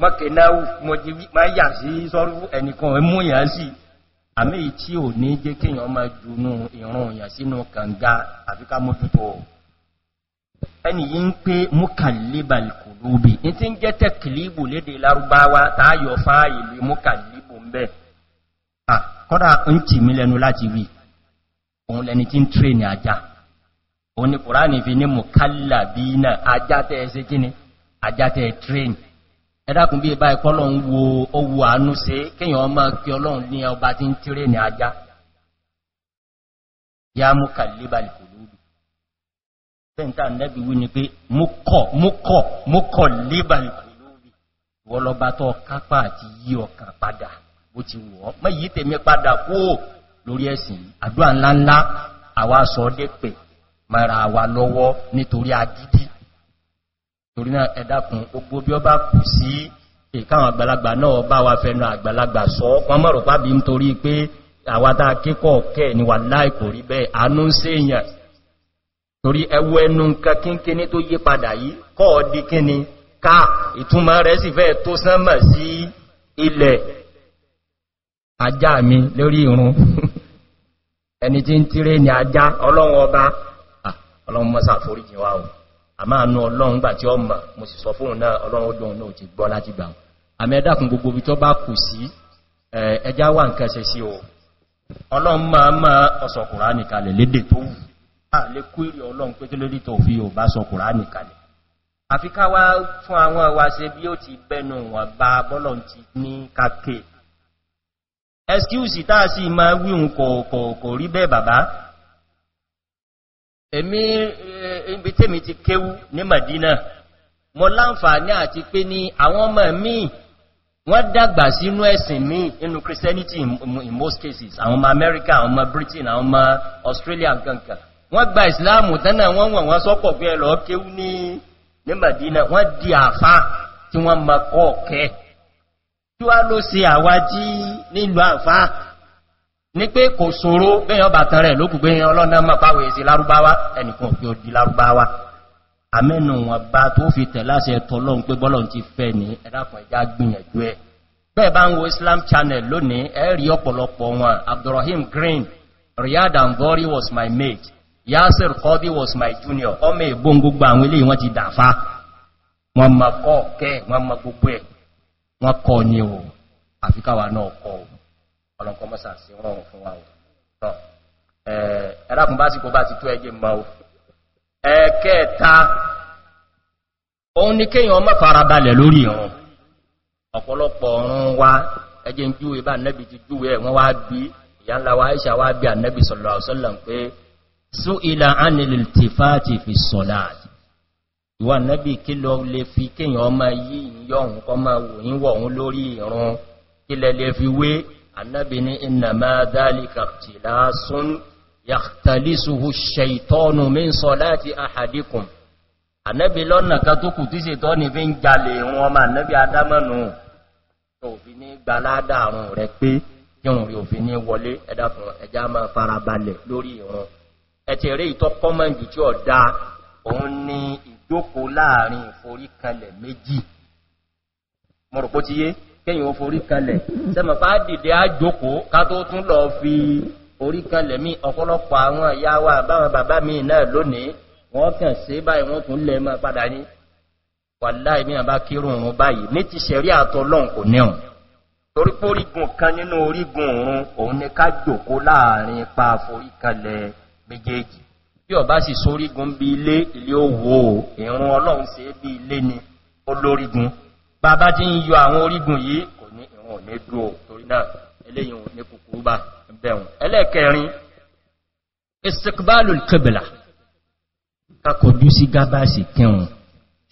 mọ́kànláwù mọ́ ti má yà sí sọ́rú ẹnìkan mú yà sí àmì tí ò ní jẹ́ kíyàn má jùnú ìrùn yà sínú kànga àfikà mójútó ọ̀ ẹni yí ń pé múkàlíbàl kùlúbì ní tí ń jẹ́ tẹ́kìlíbù lédè lárúbáwá tààyọ̀ fáàyèlú múkàlíbù ń bẹ́ kọ́dà ń tì mí lẹ́nu láti wí òun lẹni tí ń tré ní ajá òun ni kùránì fi ní mùkàlàbí náà ajá tẹ́ ẹsẹ́ kíní ajá tẹ́ tré ẹ̀dàkùn bí ibá ikọ́ lọ́n wo owó àánú sí kíyàn ọmọ kí ọlọ́run ní ọba tí ń tré ní ajá yá mùkàlíbàl tẹ́ǹtà nẹ́bí wí ni pé mọ́kọ̀ mọ́kọ̀ mọ́kọ̀ lébàlì pẹ̀lúbí wọ́lọ́bá tọ́ kápá àti yí ọkàn padà bó ti wọ́ mọ́ yí tèmi padà kó lórí ẹ̀sìn àdúrà ńláńlá àwa sọ dépè mara wa lọ́wọ́ nítorí agidi torí náà ẹ̀dàkùn gbogbo bí ọ bá kù sí ìkáwọn àgbàlagbà náà bá wa fẹ́nu àgbàlagbà sọ wọ́n mọ̀rọ̀ pàbí nítorí pé àwátá kíkọ̀ọ̀kẹ́ ni wà láìkò rí bẹ́ẹ̀ àánú sí èèyàn torí ẹwọ ẹnu nǹkan kínkíní tó yí padà yí kọ́ ọdí kíni ká ìtumọ̀ rẹ̀ sì fẹ́ tó sánmà sí ilẹ̀ ajá mi lórí ìrún (laughs) ẹni tí ń tíré ní ajá ọlọ́run ọba ọlọ́run o a máa nú ọlọ́run gbà tí ó mọ̀ mo sì sọ ọlọ́run ọdún náà ti gbọ́ lè kú èrè ọlọ́run pé kí lórí tó fi yóò bá sọ kùránì kalẹ̀ àfi ká wá fún àwọn ẹwà ṣe bí ó ti bẹnu wọn bá bọ́lọ̀ ti ní kàkè ẹskíùsì táà sí ma wíhun kọ̀ọ̀kọ̀ rí bẹ́ẹ̀ bàbá èmi eh, ibi tèmi ti kéwú ní madina mọ láǹfààní àti pé ní àwọn ọmọ míì wọ́n dàgbà sínú ẹ̀sìn ní inú christianity in most cases àwọn ọmọ america àwọn ọmọ britain àwọn ọmọ australia gangan wọ́n gba ìsìláàmù tánà wọ́n wọ̀n wọ́n sọ́pọ̀ pé ẹlọ kéwú ní nígbàdínà wọ́n di àfá tí wọ́n ma kọ́ ọ̀kẹ́ tí wá ló se àwá jí nílùú àfá ní pé kò sòro bẹ́yàn bàtàn rẹ̀ lókùgbé ọlọ́nà mọ̀ pàwẹ̀ èsì lárúbáwá ẹnìkan kí ó di lárúbáwá àmẹ́nu wọn bá tó fi tẹ̀ láṣẹ tọ́lọ́n pé bọ́lọ̀ ti fẹ́ ní ẹ̀dàkùn ẹ̀já gbìyànjú ẹ̀ bẹ́ẹ̀ bá ń wo islam channel lónìí ẹ̀rí ọ̀pọ̀lọpọ̀ wọn abdulrahim green riyad angori was my mate yasir kọ́bí was my junior ọmọ ìbọn gbogbo àwọn ilé wọ́n ti dàfá wọ́n ma kọ́ kẹ́ wọ́n ma gbogbo ẹ̀ wọ́n kọ́ ní o àfikáwà náà kọ́ ọlọ́nkọ́ mọ́sà sí rọrùn fún wa o ẹ̀rákùn bá sí kò bá ti tó ẹjẹ mọ́ o ẹ̀kẹ́ẹ̀ta òun ni kéyàn ọmọ farabalẹ̀ lórí ìrùn ọ̀pọ̀lọpọ̀ ọ̀run wa ẹjẹ́ ń júwe bá nẹ́bi ti júwe ẹ̀ wọ́n wá bí ìyá ńlá wa aisha wá bí ànẹ́bi sọ̀lọ̀ àṣọ́lọ̀ pé so ila anil tifati fi salat wa nabi kí ló lè fi kéyàn ọmọ yí yọ̀hún kọ ma wò yí wọ̀hún lórí ìrun kí lẹ lè fi wé annabi ní iná máa dálíkà tí lásún yàtàlísùhù ṣeìtọ́nù min salati ahadikum ẹjá máa farabalẹ̀ lórí ìrun ẹ̀tẹ̀ rẹ̀ ìtọ́ kọ́mọ̀jù tí ó dá òun ni ìjókòó láàrin ìforíkalẹ̀ méjì mọ̀rọ̀pọ̀ ti yé kẹ́yìn oforíkalẹ̀ sẹ́mọ̀ bá dìde ájókòó ká tó tún lọ fi oríkalẹ̀ mí ọ̀pọ̀lọpọ̀ àwọn ìyá báwọn bàbá mi náà lónìí wọ́n kàn sí báyìí wọ́n tún lẹ mọ́ padà ní wàláì mí àbá kírùn ún báyìí ní ti ṣẹ̀rí àtọ́lọ́n kò níhùn torí pórígun kan nínú orígun òun òun ni ká jòkó láàrin pa foríkalẹ̀ méjèèjì bí ọba sì sórígun bí ilé ilé owó ìrún ọlọ́run sí bí ilé ni olórígun bàbá tí ń yọ àwọn orígun yìí kò ní ìrún ò ní dúró torí náà eléyìn ní kùkú bá bẹ̀rùn ẹlẹ́ẹ̀kẹrin istikbalu kebela kakọjú sí gábàsì kẹun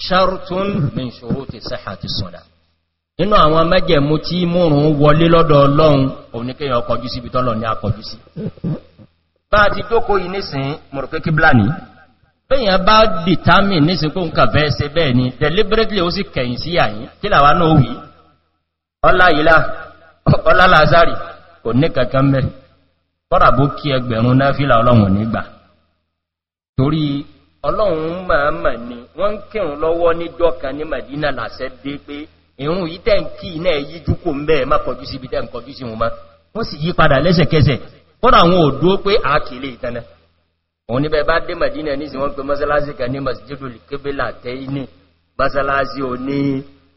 shartun min ṣòro ti sáhà ti sọ́dá nínú àwọn mẹ́jẹ̀mú tí múrùn ún wọlé lọ́dọ̀ ọlọ́run bá ti jókó yìí nísìn mọ̀rọ̀kẹ́ kíblà ní bẹ́yàn bá dìtàmì nísìn pé ń kà bẹ́ẹ̀ bẹ́ẹ̀ ni deliberately ó sì kẹ̀yìn sí àyín kí làwà náà wí ọlá ìlà ọlá lázari kò ní kankan mẹ́ kọ́ràbó kí ẹgbẹ̀rún náà fílà ọlọ́run nígbà torí ọlọ́run màmà ni wọ́n ń lọ́wọ́ níjọ́ kan ní madina làṣẹ dé pé ìrún yìí tẹ́ ń kí náà yíjú kò ń bẹ́ẹ̀ má kọjú síbi tẹ́ sí wọn má wọ́n sì yí padà lẹ́sẹ̀kẹsẹ̀ kọ́nà àwọn òdó pé a kì lè ìtẹ́nà òun níbẹ̀ bá dé mẹ̀dínà ní sí wọ́n pé mọ́sálásí kan ní masjidul kébélà tẹ́ iní mọ́sálásí o ní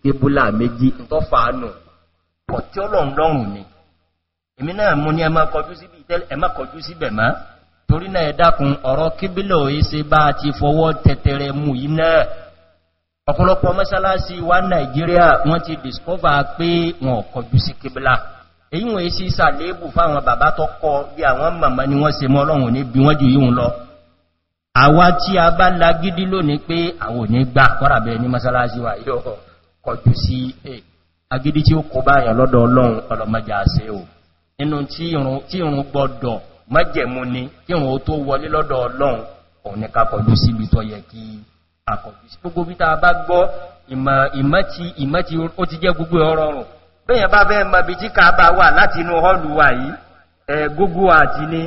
kébúlà méjì tó fàánù ọ̀tí ọlọ́run lọ́rùn ni èmi náà mú ní ẹmá kọjú síbẹ̀ wa nàìjíríà wọ́n ti discover pé wọn kọjú èyí wọ́n èsì sàlébù fáwọn bàbá tó kọ bí àwọn màmá ni wọ́n se mọ́ ọlọ́run ní bí wọ́n jù yíò lọ àwa tí a bá lagídí lónìí pé àwọn òní gbà kọ́ràbẹ̀ ní masalasi wa yóò kọjú sí agídí tí ó kọ báyàn lọ́dọ̀ ọlọ́run ọlọ́mọjà àṣẹ o inú tí irun gbọdọ̀ mọ́jẹ̀mú ni ó ti jẹ́ gbogbo ọrọ̀rùn bẹ́yàn bá fẹ́ mọ̀ bí jíkà bá wà láti inú họ́lù wà yìí ẹ̀ gógó àti ní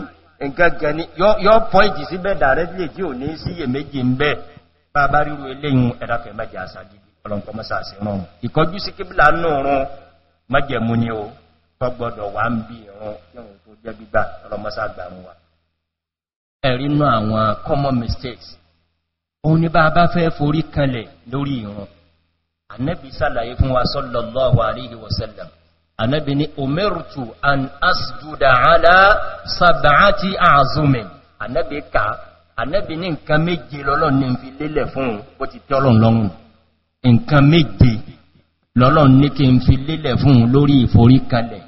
ǹkankan ní yọ́ pọ́ìntì sí bẹ́ẹ̀ dàrẹ́dìlẹ̀ tí ò ní síyè méjì ń bẹ́ bá bá ríru eléyìn ẹ̀dàfẹ́ mẹ́jẹ àsàdìdì ọlọ́nkọmọ́sàsì rán ìkọjú sí kíbílà common mistakes òun ni bá bá fẹ́ forí kanlẹ̀ annabi sàlàyé fún wa sallallahu alaihi wasallam annabi ni umirtu an asjuda ala sab'ati azumin annabi ka annabi ni nkan méje lọ́lọ́n ní fi lélẹ̀ fún bó ti tọ́lọ̀n lọ́rùn nkan méje lọ́lọ́n ní kí n fi lélẹ̀ fún lórí ìforí kalẹ̀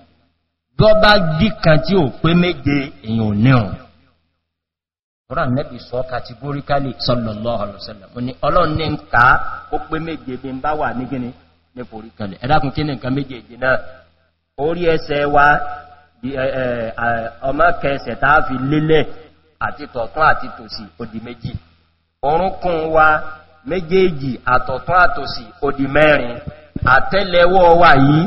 gọ́bá gíkan tí ò pé méje èèyàn náà Quran nẹ́bì sọ kàtígóríkálì sallallahu alaihi wasallam. Ó ní Ọlọ́run ní ń ká ó pé méje bí n bá wà ní gíní ní forí kalẹ̀. Ẹ̀dàkùn kí ní nǹkan méjèèjì náà, orí ẹsẹ̀ wa ọmọ kẹsẹ̀ táà fi lélẹ̀ àti tọ̀tún àti tòsì òdì méjì. Orúnkún wa méjèèjì àtọ̀tún àtòsì òdì mẹ́rin. Àtẹ́lẹwọ́ wa yìí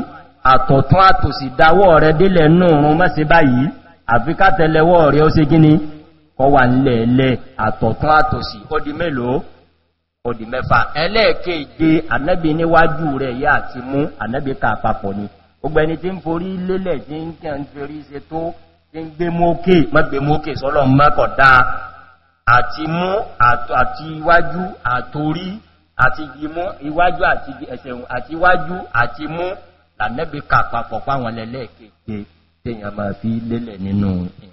àtọ̀tún àtòsì dáwọ́ rẹ̀ délẹ̀ se bayi mọ́sí báyìí. Àfikátẹ́lẹwọ́ rẹ̀ ó ṣe gíní kọ́ wà lẹ́ẹ̀lẹ́ àtọ̀tún àtòsì ọdí mélòó ọdí mẹ́fà ẹlẹ́ẹ̀kéèdè ànẹ́bí níwájú rẹ̀ yá àti mú ànẹ́bí ká àpapọ̀ ni ọgbẹni tí ń forí lélẹ̀ tí ń kẹ́ ń forí ṣe tó tí ń gbé mókè mọ́gbé mókè sọ́lọ mẹ́kọ̀dá àti mú àti iwájú àtorí àti ìgbìmọ́ tí èèyàn máa fi lélẹ̀ nínú ìrìn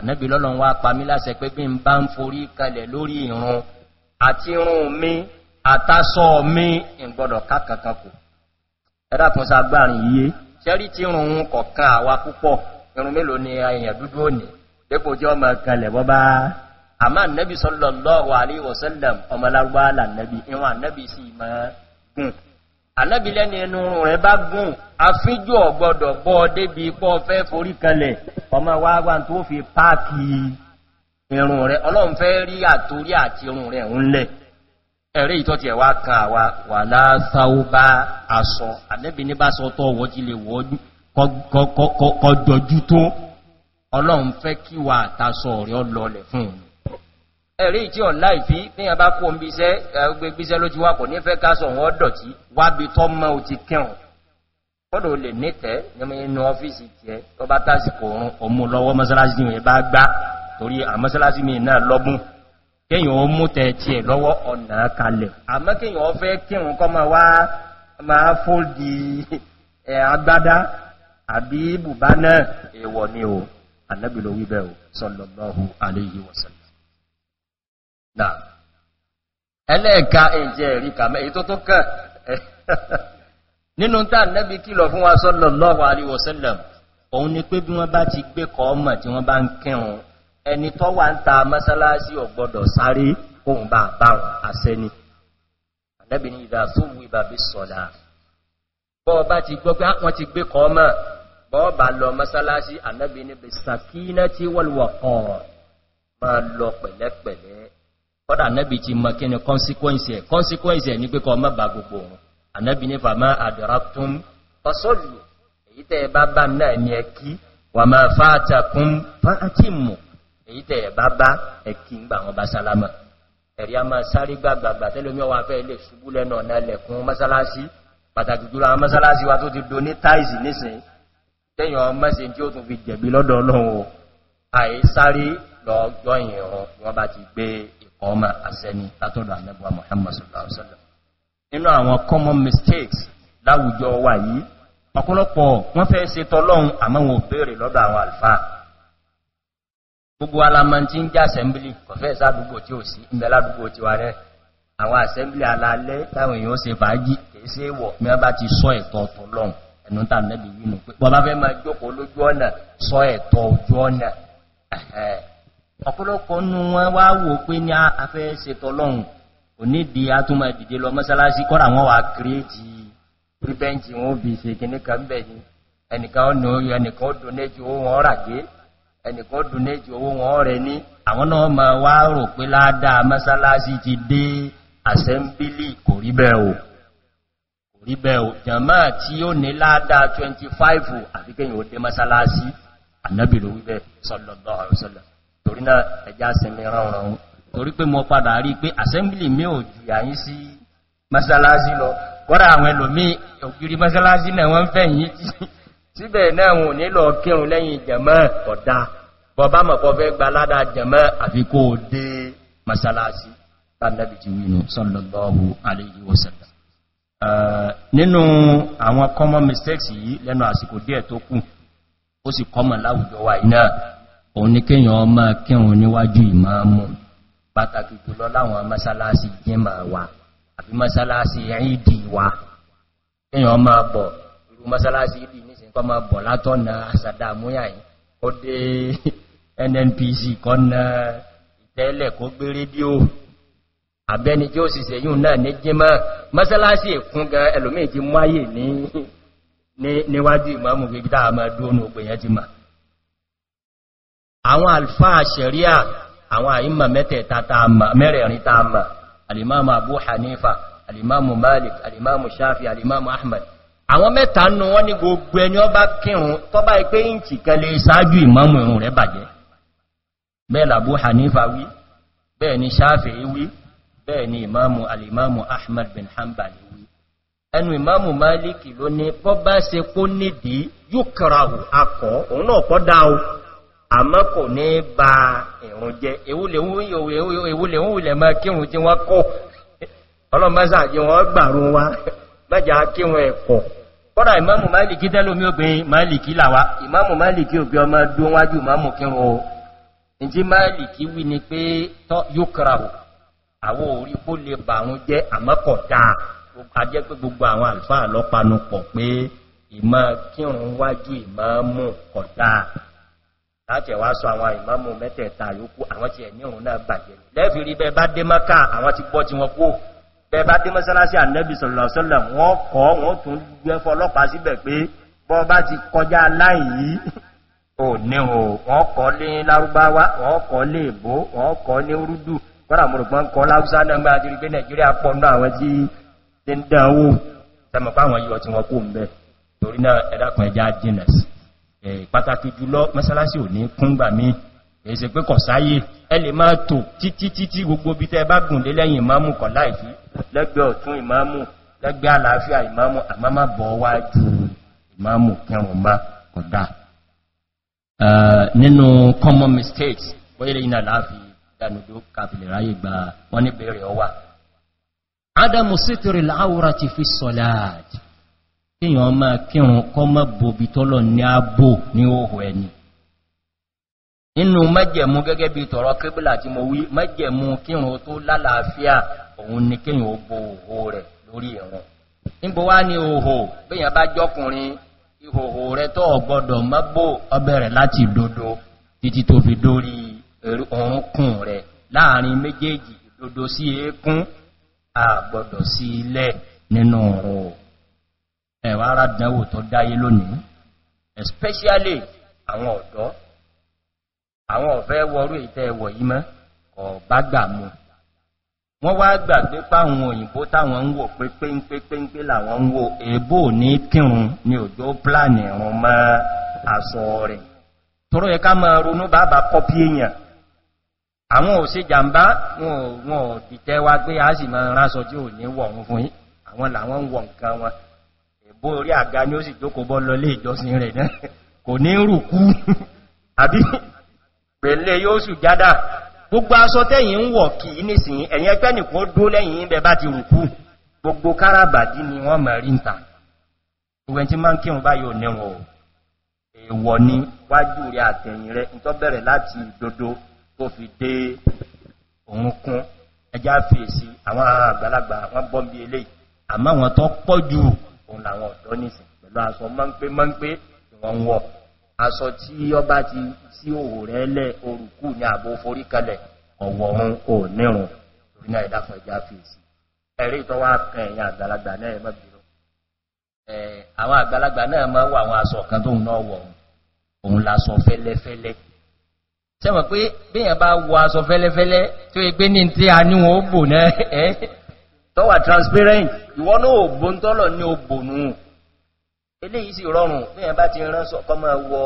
ànábì lọ́lọ́run wá pa mí láṣẹ pé bí n bá ń forí kalẹ̀ lórí ìrun àti irun mi àtásọ́ mi ìgbọ́dọ̀ kákankan kò ẹ̀dàkùn sàgbàrin yìí ṣẹ́rí tí irun kọ̀kan àwa púpọ̀ irun mélòó ni èèyàn dúdú òní dépò jẹ́ ọmọ kalẹ̀ bọ́ bá àmá nẹ́bí sọ́lọ́lọ́ ànábìlẹ̀ ni ẹnu rẹ̀ bá gùn àfíjù ọ̀gbọ́dọ̀ bọ́ débi pọ́ fẹ́ forí kalẹ̀ ọmọ wáwá tó fi páàkì irun rẹ̀ ọlọ́run fẹ́ rí àtórí àti irun rẹ̀ ń lẹ̀ ẹ̀rẹ́ ìtọ́ ti ẹ̀wà kan àwa wà láàáwó bá aṣọ ànẹ́bì ní bá sọ tọ́wọ́ jí ẹ̀rí tí ọ̀lá ìfí ní ẹbá kó ń bí iṣẹ́ gbígbíṣẹ́ ló ti wà kò ní fẹ́ káṣọ̀ wọn dọ̀tí wábi tọ́ mọ́ o ti kẹrùn kọ́dọ̀ olè nítẹ́ nínú ọ́fíìsì tí ẹ tó bá tásìkò oòrùn ọmọ lọ́wọ́ mọ́sálásí mi bá gbá torí àmọ́sálásí mi náà lọ́gbùn kéyàn ó mú tẹ tí ẹ lọ́wọ́ ọ̀nà kalẹ̀ àmọ́ kéyàn ó fẹ́ kírun kọ́ máa wá máa fóòdì agbádá àbí bùbá náà èèwọ̀ ni o anábìlówíbẹ̀ o sọ́lọ́lọ́hù aléyíwọ̀sán náà ẹlẹ́ẹ̀ka ẹ̀jẹ̀ ẹ̀rí kàmẹ́ èyí tó tó kẹ́ (laughs) nínú tá nẹ́bí kìlọ̀ fún wa sọ́lọ̀ lọ́wọ́ àríwọ̀sẹ́lẹ̀ òun ni pé bí wọ́n bá ti gbé kọ́ ọmọ tí wọ́n bá ń kẹrùn ẹni tó wà ń ta mọ́sálásí ọ̀gbọ́dọ̀ sáré ohun bá báwọn asẹ́ni nẹ́bí ni ìdá súnwú ìbàbí sọ̀dá bọ́ bá ti gbọ́ pé ah, wọ́n ti gbé kọ́ ọmọ bọ́ bá lọ mọ́sálásí ànẹ́bí ni bẹ̀ sàkínẹ́ tí wọ́lùwọ̀ kọ̀ọ̀ máa lọ pẹ̀lẹ́pẹ̀lẹ́ kọ́dà anábi ti mọ̀ kí ni consequence ẹ̀ consequence ẹ̀ ní pé kọ mọ́ bá gbogbo wọn anábi ní fàmá àdìrákún fọ́sọ́lù èyí tẹ́ bá bá náà ní ẹkí wà máa fàátàkún fàátìmù èyí tẹ́ bá bá ẹkí gbà wọn bá sálámà ẹ̀rí a máa sáré gbàgbàgbà tẹ́lómiọ́wà fẹ́ ilé ṣubú do ní táìsì nísìn tẹ́yìn ọmọ sí tí ó tún fi bá ti gbé ọmọ àṣẹni látọ́dọ̀ àmẹ́bọ̀ Muhammad sallallahu alaihi àwọn common mistakes láwùjọ wa yìí ọ̀pọ̀lọpọ̀ wọ́n fẹ́ ṣe tọ́lọ́run àmọ́ wọn ò béèrè lọ́dọ̀ àwọn alfa gbogbo alamọ́ tí ń jẹ́ assembly kọfẹ́ sádúgbò tí ó sí ìbẹ̀ ládúgbò tí wà àwọn assembly alalẹ́ táwọn èèyàn ṣe fàájì kìí wọ̀ ní wọ́n ti sọ ẹ̀tọ́ tọ́lọ́run ẹnu tà nẹ́bí yìí nù pé bọ́bá fẹ́ máa jókòó lójú ọ̀nà sọ ẹ̀tọ́ ojú ọ̀nà ọ̀pọ̀lọpọ̀ nú wọn wá wò pé ní afẹ́ ṣetọ́lọ́hun onídi atúmọ̀ ìdìde lọ mọ́sálásí kọ́rà wọ́n wà kírèjì pípẹ́ǹtì wọ́n bí i ṣe kìníkan bẹ̀yìn ẹnìkan ọ̀nà orí ẹnìkan dùnẹ́jì owó wọn ràgé ẹnìkan dùnẹ́jì owó wọn rẹ ní àwọn náà ma wá rò pé ládáa mọ́sálásí ti dé àsẹ́mbílì kò rí bẹ́ẹ̀ o jàmá tí ó ní ládáa 25 àfikẹ́yìn ó dé mọ́sálásí ànábìlò wíbẹ̀ sọ́lọ̀lọ́ torí náà ẹjá sinmi ránran torí pé mọ́ padà rí pé assembly mi ò jù yà yín sí mọ́sálásí lọ kọ́dà àwọn ẹlòmí ògiri mọ́sálásí náà wọ́n fẹ́ yìí síbẹ̀ náà wọn nílọ kírun lẹ́yìn jẹ̀mọ́ ọ̀dá bọ̀bá mọ̀kọ́ fẹ́ gba ládá jẹ̀mọ́ àfi kó dé mọ́sálásí tàbí ti wínú sọ́lọ̀lọ́hù aléyí wọ́sẹ̀lá nínú àwọn òun ni kíyàn ọmọ kírùn níwájú ìmáàmù pàtàkì jùlọ láwọn masalasi jẹ́mà wa àbí masalasi ìdí wa kíyàn ọmọ bọ̀ irú masalasi ìdí nísìn kọ́ máa bọ̀ látọ́nà àsàdà múyàyìn ó dé nnpc kọ́nà masalasi ìkún gan ẹlòmí ti máyè níwájú ìmáàmù gbígbítà àmà dúnú òpèyàn ti àwọn alfáà ṣẹ̀ríà àwọn àìmà mẹ́rẹ̀rin ta mọ̀ alimamu abu hanifa alimamu malik alimamu shafi alimamu ahmad àwọn mẹ́ta nù wọ́n ní gbogbo ẹni ọba kírun tọ́bá ipé ìǹtì kẹlẹ̀ ìsáájú ìmọ́mù ìrùn rẹ̀ bàjẹ́ bẹ́ẹ̀ làbú hanifa wí bẹ́ẹ̀ ni shafi wí bẹ́ẹ̀ ni imamu alimamu ahmad bin hanbali wí ẹnu imamu maliki ló ní pọ́bá se kó nídìí yóò kẹràwò akọ̀ òun náà kọ́ dáa àmọ́ kò ní bá ẹ̀rùn jẹ ewúlẹ̀ oúnlẹ̀ mọ́ kírùn tí wọ́n kó ọlọ́mọ́sà jẹ wọ́n gbàrún wá mẹ́jà kírùn ẹ̀kọ̀ kọ́dà ìmọ́mù máìlìkí tẹ́lómi obìnrin máìlìkí làwá ìmọ́mù máìlìkí òbí ọmọ dún wájú mọ́mù kírùn o ní tí máìlìkí wí ni pé yókàràwò àwọn orí kó lè bàrún jẹ́ àmọ́kọ̀ dáa ajẹ́ pé gbogbo àwọn àlùfáà lọ́panupọ̀ pé ìmọ̀ kírùn wájú ìmọ̀ mú kọ̀dáa láti ẹ̀wà sọ àwọn ìmáàmù mẹ́tẹ̀ẹ̀ta yókù àwọn ti ẹ̀mí òun náà bàjẹ́ lẹ́fì rí bẹ bá dé mọ́ká àwọn ti gbọ́ ti wọn kó bẹ bá dé mọ́sánásí ànẹ́bì sọ̀lọ̀sọ́lọ̀ wọ́n kọ́ wọ́n tún gbẹ́fọ́ ọlọ́pàá síbẹ̀ pé bọ́ bá ti kọjá láìyí ò ní o wọ́n kọ́ lé lárúbáwá wọ́n kọ́ lé èbó wọ́n kọ́ ní rúdù kọ́nà mọ̀rùgbọ́n kọ́ láwùsá náà gbá àti rí pé nàìjíríà pọ̀ náà àwọn tí ti ń dánwò tẹmọ̀ pá àwọn yíwọ tí wọ́n kó ń pàtàkì jùlọ mọ́sálásí ò ní kúngbà mí èsè pé kọ̀sáyé ẹ lè máa tò títí títí gbogbo bí tẹ bá gùn lélẹ́yìn ìmáàmù kọ̀ láìfí lẹ́gbẹ́ ọ̀tún ìmáàmù lẹ́gbẹ́ àlàáfíà ìmáàmù àmámá bọ̀ wá ju ìmáàmù kẹrùn má kọ̀dá nínú common mistakes bóyẹ̀lẹ̀ iná láàfi dánudó kàfilẹ̀ ráyè gba wọ́n ní bẹ̀rẹ̀ ọwà adamu sítìrì láàwùrà ti fi sọ̀láàjì kíyàn máa kírun kọ́ mọ́ bòbí tọ́lọ̀ ní ààbò ní òhò ẹni inú mẹ́jẹ̀mú gẹ́gẹ́ bí tọ̀rọ kébìlà tí mo wí mẹ́jẹ̀mú kírun tó lálàáfíà òun ni kíyàn ó bo òhò rẹ̀ lórí ẹ̀wọ̀n nígbò wá ní òhò bíyàn bá jọkùnrin ìhòhò rẹ̀ tó ọgbọ́dọ̀ mọ́bò ọbẹ̀rẹ̀ láti dodo títí tó fi dórí orúnkún rẹ̀ láàrin méjèèjì dodo sí eékún àgbọ̀dọ̀ sí ilẹ̀ nínú ọ̀rọ̀ ẹ̀wà ara tó dáyé lónìí especially àwọn ọ̀dọ́ àwọn ọ̀fẹ́ wọrú ìtẹ́ ẹwọ̀ yí mọ́ ọ̀bá gbà mú wọ́n wá gbàgbé páwọn òyìnbó táwọn ń wò pé péńpépéńpé làwọn ń wò èbò ní kírun ní òjò pláàni ẹ̀rùn mọ́ àṣọ rẹ̀ tọ́rọ ẹ̀ká mọ́ ronú bàbá kọ́pí èèyàn àwọn òsì jàmbá wọn ò dìtẹ́ wá gbé a sì mọ́ ránṣọ tí ò ní wọ̀ fún yí àwọn làwọn ń wọ̀ nǹkan wọn bó orí àga ni ó sì jókòó bọ́ lọlé ìjọsìn rẹ̀ náà kò ní rùkú (laughs) àbí pẹ̀lẹ̀ yóò sù jádà gbogbo aṣọ tẹ́yìn ń wọ̀ kì í nìsìn ẹ̀yìn ẹgbẹ́ nìkan dó lẹ́yìn ibẹ̀ bá ti rùkú gbogbo kárabàdí ni wọ́n mọ̀ rí ǹta ìwẹ̀n tí máa ń kírun báyìí ò níwọ̀n o èèwọ̀ ni wájú rẹ̀ àtẹ̀yìn rẹ̀ ń tọ́ bẹ̀rẹ̀ àwọn àgbàlagbà wọn bọ́ eléyìí àmọ́ àwọn tó pọ̀ jù òun làwọn ọ̀dọ́ nìsìn pẹ̀lú aṣọ mọ́ńpé mọ́ńpé wọ́n wọ̀ aṣọ tí ọba ti sí òhò rẹ̀ lẹ̀ orùkú ní àbò forí kalẹ̀ ọ̀wọ̀ òun ò nírun torí náà ìdáfọ̀ ẹja fèsì ẹ̀rí tó wá kan ẹ̀yìn àgbàlagbà náà ẹ̀ mọ́bìnrin àwọn àgbàlagbà náà máa wọ àwọn aṣọ kan tóun náà wọ̀ òun lásọ fẹ́lẹ́fẹ́lẹ́ sẹ́wọ̀n pé bí èèyàn bá wọ aṣọ fẹ́lẹ́fẹ́lẹ́ tó ẹgbẹ́ ní ti àníwọ̀n ó bò náà tọ́wà transparent ìwọ náà ògbó ń tọ́lọ̀ ní ògbònú eléyìí sì rọrùn bí ẹ bá ti rán sọ kọ́ máa wọ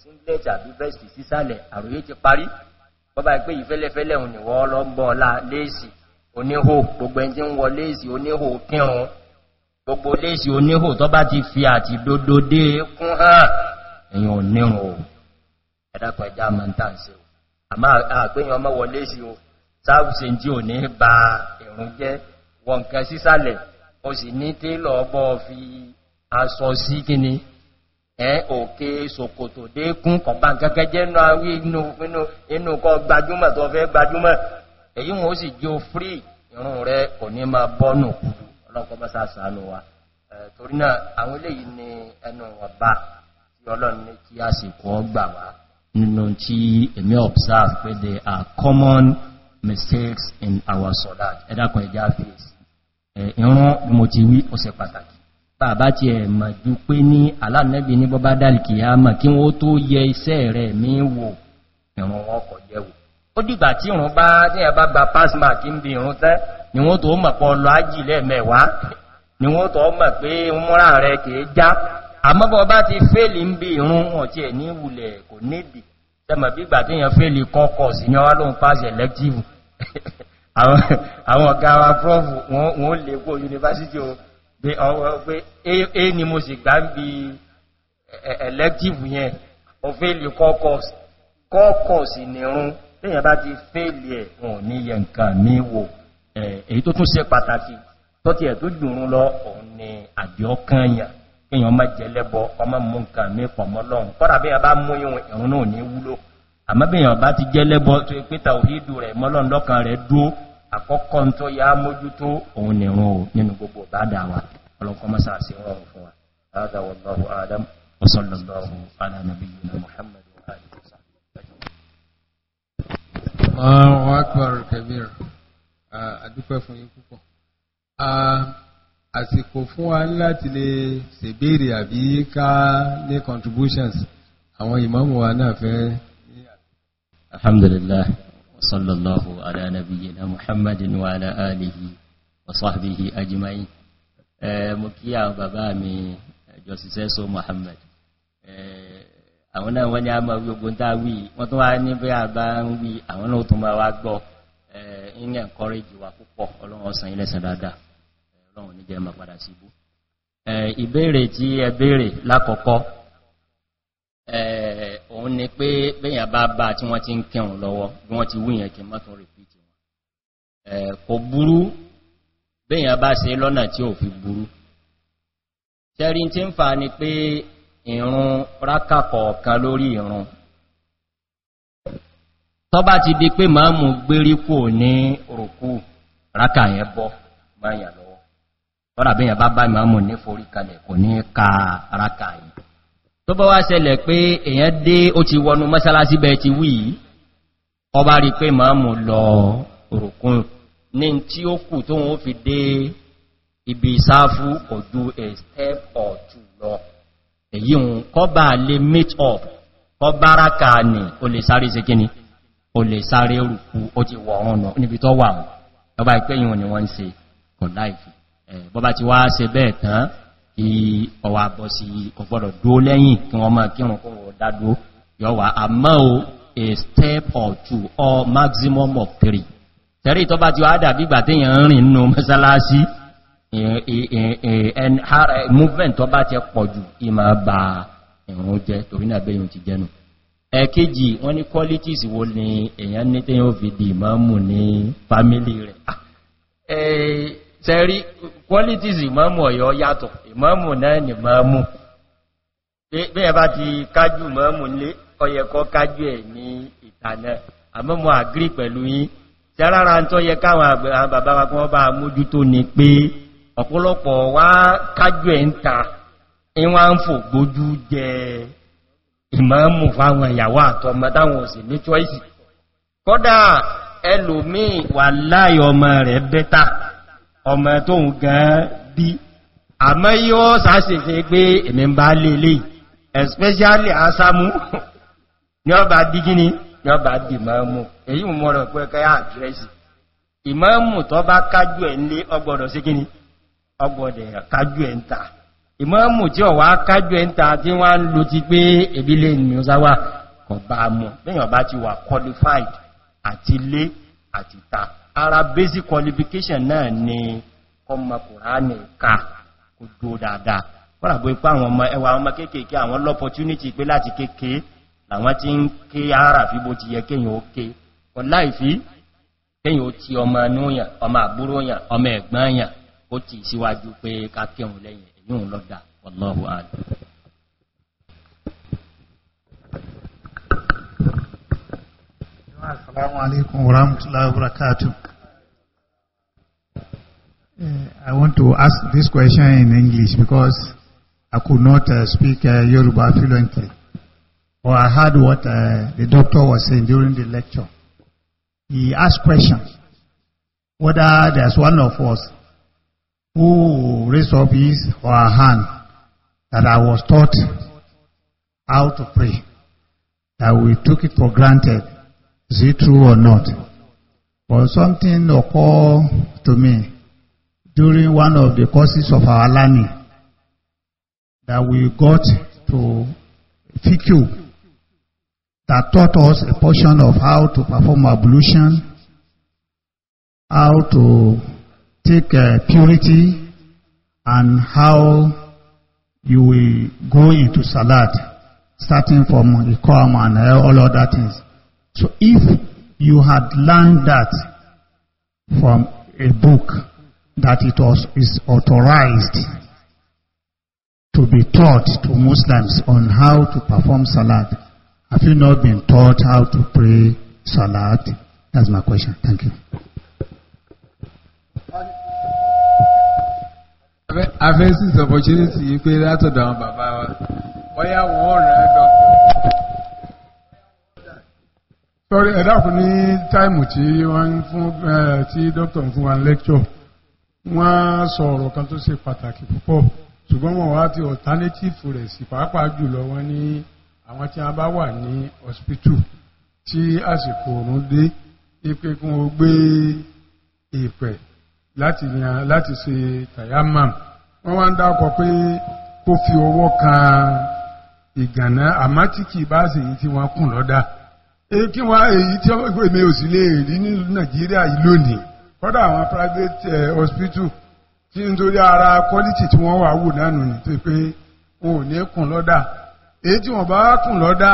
singlet àbí vest sísàlẹ̀ àròyé ti parí bọ́bá pé ìfẹ́lẹ́fẹ́lẹ́ òun nìwọ́ ọlọ́gbọ́n ọlá léèsì oníhò gbogbo ẹni tí ń wọ léèsì oníhò kírun gbogbo léèsì oníhò tó bá ti fi àti dodo dé kún hàn èèyàn onírun o ẹ̀dàkọ̀ ẹja máa ń tàǹsì o àmọ́ àpéyàn ọmọ wọ léèsì o sáàbùsẹ̀ tí ò ní ba ìrún jẹ́ wọ̀n kan sísàlẹ̀ o sì ní tí lọ bọ́ fi aṣọ sí kíni ẹ́ òkè sòkòtò dékún kọ̀bá kẹ́kẹ́ jẹ́ inú kọ gbajúmọ̀ tó fẹ́ gbajúmọ̀ èyí wọn ó sì jí o frí irun rẹ kò ní máa bọ́nù kúrò wa torí náà ni ẹnu ọba tí ọlọ́run ní are common mistakes in our solar ẹ̀dàkùn ẹ̀dà face ìran bí mo ti wí ọ̀sẹ̀ pàtàkì bàbá ti ẹ̀ mọ̀ jú pé ní aláàrẹ́bì ní bọ́bá dálìkì ya mọ̀ kí wọ́n tó yẹ iṣẹ́ rẹ̀ mí wò ìran wọn kọ̀ yẹ̀wò ó dìgbà tí ìran bá tí ẹ bá gba pásmà kí ń bí ìran tẹ́ ni wọ́n tó mọ̀ pọ̀ lọ ájì lẹ́ẹ̀mẹ̀wàá já àmọ́bọ̀ bá ti fẹ́lì ń bí ìrún wọn (laughs) àwọn ọ̀gá wa prọ́fù wọ́n lè kó yunifásitì o pé ọwọ́ pé a ni mo sì gbá ń bí elective yẹn o fẹ́lì kọ́kọ̀ọ̀sì nìrún lẹ́yìn bá ti fẹ́lì ẹ̀ wọn ní yẹ nǹkan ní wò èyí tó tún ṣe pàtàkì tó ti ẹ̀ tó dùnrún lọ òun ni àjọ́kányà kíyàn má jẹ́lẹ́bọ ọmọ mú nǹkan mí pọ̀ mọ́lọ́run kọ́dà bí ẹ bá mú ìrún náà ní wúlò àmọ́bìnrin ọ̀bá ti jẹ́ lẹ́bọ́ tó pé tàwídù rẹ̀ mọ́lọ́ndọ́kan rẹ̀ dúó àkọ́kọ́ tó yá mójútó òun nìrún o nínú gbogbo bàdà wa ọlọ́kọ́ mọ́sá sí rọrùn fún wa هذا والله أعلم وصلى الله على نبينا محمد وآله وصحبه الله أكبر كبير adúpẹ́ fún yín púpọ̀. àsìkò wa láti contributions àwọn ìmọ̀mù wa náà الحمد لله وصلى الله على نبينا محمد وعلى آله وصحبه أجمعين مكيا بابا مي جوسيسو محمد àwọn náà wọ́n ní a máa wí ogun tá wí wọ́n tó wá ní bí a bá ń wí àwọn náà tó máa wá gbọ́ ní ẹ̀kọ́rẹ́jì wà púpọ̀ ọlọ́run ọ̀sán ilẹ̀ sàdádà ọlọ́run ní jẹ́ ma padà sí ìbéèrè tí ẹ béèrè lákọ̀ọ́kọ́ òun ni pé bẹ́yàn bá bá tí wọ́n ti ń kẹun lọ́wọ́ bí wọ́n ti wúyàn kí mọ́ tún rìpítì wọn kò burú bẹ́yàn bá se lọ́nà tí ò fi burú tẹ́rí tí ń fa ni pé ìrun rákàkọ̀ kan lórí ìrun tọ́ bá ti di pé máa mú gbéríkò ní òrùkú rákà yẹn bọ́ máa yà lọ́wọ́ tọ́rà bẹ́yàn bá bá ìmáàmù ní forí kalẹ̀ kò ní ka rákà yìí tó bọ́ wá sẹlẹ̀ pé èyàn dé ó ti wọnú mọ́sálásí bẹ́ẹ̀ ti wí ọba rí pé máa mú lọ òrùkún ní tí ó kù tó wọ́n fi dé ibi sáfú ojú a step or two lọ èyí hun kọba lè meet up kọba rákà ní o lè sáré sí kíni o lè sáré rùkú ó ti wọ̀ ọ̀nà níbi tó wà ọba ìpẹ́yìn wọn ni wọ́n ń se kọ̀ bọ́bá ti wá se bẹ́ẹ̀ tán kí ọwà bọ́ sí ọgbọ́dọ̀ dúó lẹ́yìn kí wọ́n máa kírùn kó wọ́n dádó yọ́wà àmọ́ o a step or two or maximum of three tẹ́rí tó bá ti wá dàbí ìgbà tíyàn rìn nínú mẹ́sálásí movement tó bá ti pọ̀ jù ìmọ̀ bá ìrún jẹ́ torí náà bẹ́yìn ti jẹ́nu ẹ̀kejì wọ́n ní qualities wo ni èyàn ní tí yóò fi dì mọ́ mù ní family rẹ̀ ah, eh, tẹ́rí qualities ìmọ́mù ọ̀yọ́ yàtọ̀ ìmọ́mù náà ni mọ́mù bí ẹ bá ti kájú mọ́mù lé ọyẹ̀kọ́ kájú ẹ̀ ní ìtànà àmọ́mù àgírí pẹ̀lú yín tí arára tó yẹ káwọn bàbá wa kí wọ́n bá mójú tó ni pé ọ̀pọ̀lọpọ̀ wá kájú ẹ̀ ń ta ìwọ́n ń fò gbójú jẹ ìmọ́mù fáwọn ìyàwó àtọmọ táwọn ọmọ tó ń gan bí àmọ́ yíó sàásìfin pé èmì ń bá lè lè especially asámú ní ọba dí gíní ní ọba dì mọ́mù èyí mọ́ rẹ̀ pẹ́ kẹ́ àdírẹ́sì ìmọ́mù tó bá kájú ẹ̀ ní ọgbọ̀dọ̀ sí gíní ọgbọ̀dẹ̀ kájú ẹ̀ ń qualified àti lé ta ara basic qualification náà ni ọmọ kùránì ká kò dó dáadáa wọ́n àgbó ipá àwọn ọmọ ẹwà ọmọ kéèkèé àwọn lọ́pọ̀túnítì pé láti kéèké làwọn tí ń ké ara fi bó ti yẹ kéyàn ó ké wọ́n láìfí kéyàn ó ti ọmọ anúyàn ọmọ àbúróyàn ọmọ ẹ̀gbọ́nyàn ó ti síwájú pé kákéhùn lẹ́yìn èyí lọ́dà ọlọ́run àdùn Assalamu alaikum wa rahmatullahi wa barakatuh. Uh, I want to ask this question in English because I could not uh, speak uh, Yoruba fluently. Or I heard what uh, the doctor was saying during the lecture. He asked questions whether there's one of us who raised up his or her hand that I was taught how to pray, that we took it for granted. Is it true or not? Or something occurred to me during one of the courses of our learning that we got to FQ that taught us a portion of how to perform ablution, how to take uh, purity, and how you will go into Salat, starting from Iqam and all other things. So if you had learned that from a book, that it was, is authorized to be taught to Muslims on how to perform Salat. Have you not been taught how to pray Salat? That's my question. Thank you. a fẹ́ this opportunity yìí pé látọ̀dọ̀ àwọn bàbá wa bóyá wọ́n rẹ̀ dọ́kítọ̀. sọ́rí ẹ̀dá kò ní táìmù tí wọ́n ń fún tí dọ́kítọ̀ ń fún wa lecture wọ́n sọ ọ̀rọ̀ kan tó ṣe pàtàkì púpọ̀ ṣùgbọ́n wọ́n wá ti alternative rẹ̀ sí pàápàá jùlọ wọ́n ní àwọn tí a bá wà ní hospital tí àsìkò òrùn dé ipe kí wọ́n gbé ìpẹ̀ láti yan láti ṣe tayamam wọ́n wá ń dákọ̀ pé kó fi ọwọ́ kan ìgànná àmọ́ tí kì í bá ṣe èyí tí wọ́n kùn lọ́dà èyí tí wọ́n èyí tí èmi ò sì lè rí ní Nàìjíríà yìí lónìí kọ́dà àwọn private eh, hospital tí nítorí ara quality tí wọ́n wà wò lánàá ní pé pé wọn ò ní kùn lọ́dà èyí tí wọ́n bá kùn lọ́dà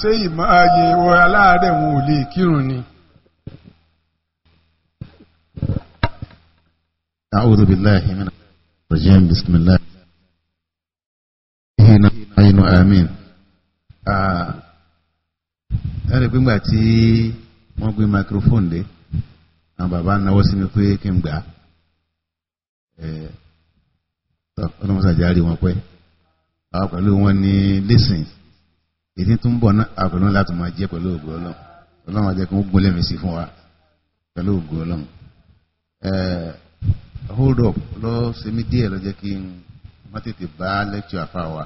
ṣé ìmọ̀ye aláàárẹ̀ wọn ò lè kírun ni. أعوذ بالله من الرجيم بسم الله أين آمين ẹ̀rẹ̀ gbígbà tí wọ́n gbé microphone dé àwọn bàbá náwó sí mi pé kí n gbà á ọlọ́mọsá járe wọn pẹ́ àwọn pẹ̀lú wọn ní lẹ́sìn èdè tó ń bọ̀ náà pẹ̀lú láti máa jẹ́ pẹ̀lú ògùn ọlọ́run ọlọ́run àjẹ́ kí gún lẹ́mí sí fún wa pẹ̀lú ògùn ọlọ́run hold up lọ ṣe mí díẹ̀ lọ jẹ́ kí n má tètè bá lẹ́kṣọ̀ àfa wa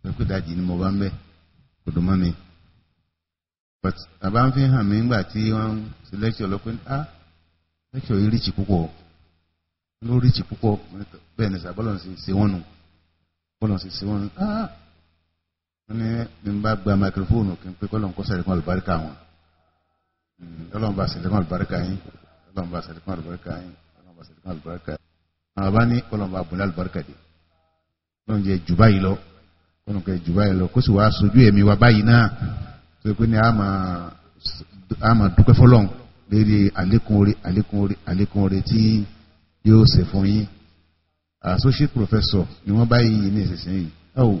pẹ̀lú ìdajì ni mo bá ń bẹ̀ kò dùn mọ́ mi but bàbá ń fi hàn mí nígbà tí wọ́n ṣe lẹ́kṣọ̀ lọ pé ah make sure you reach púpọ̀ ló reach púpọ̀ bẹ́ẹ̀ ni sàbọ́lọ̀ ṣe ṣe wọ́n nù bọ́lọ̀ ṣe ṣe wọ́n nù ah ní ní bá gba microphone kí n pé kọ́lọ̀ ń kọ́ sẹ̀rẹ̀ fún àlùbáríkà wọn hmm, ọlọ́run bá sẹ̀rẹ̀ fún àlùbáríkà yín ọlọ́run bá sẹ̀rẹ̀ fún àlùbáríkà yín ọlọ́run bá sẹ̀rẹ̀ fún àlùbáríkà yín àwọn bá ní kọ́lọ̀ bá bùnú àlùbáríkà dé kọ́lọ̀ jẹ́ jù báyìí lọ kọ́lọ̀ jẹ́ jù báyìí lọ kó sì wá sojú ẹ̀mí wa báyìí náà tó yẹ pé ní a dúpẹ́ fọlọ́run lérí àlékún orí àlékún orí àlékún orí tí yóò ṣe fún yín associate professor ni wọ́n bá yìí ní ìsinsìnyí ẹ̀wò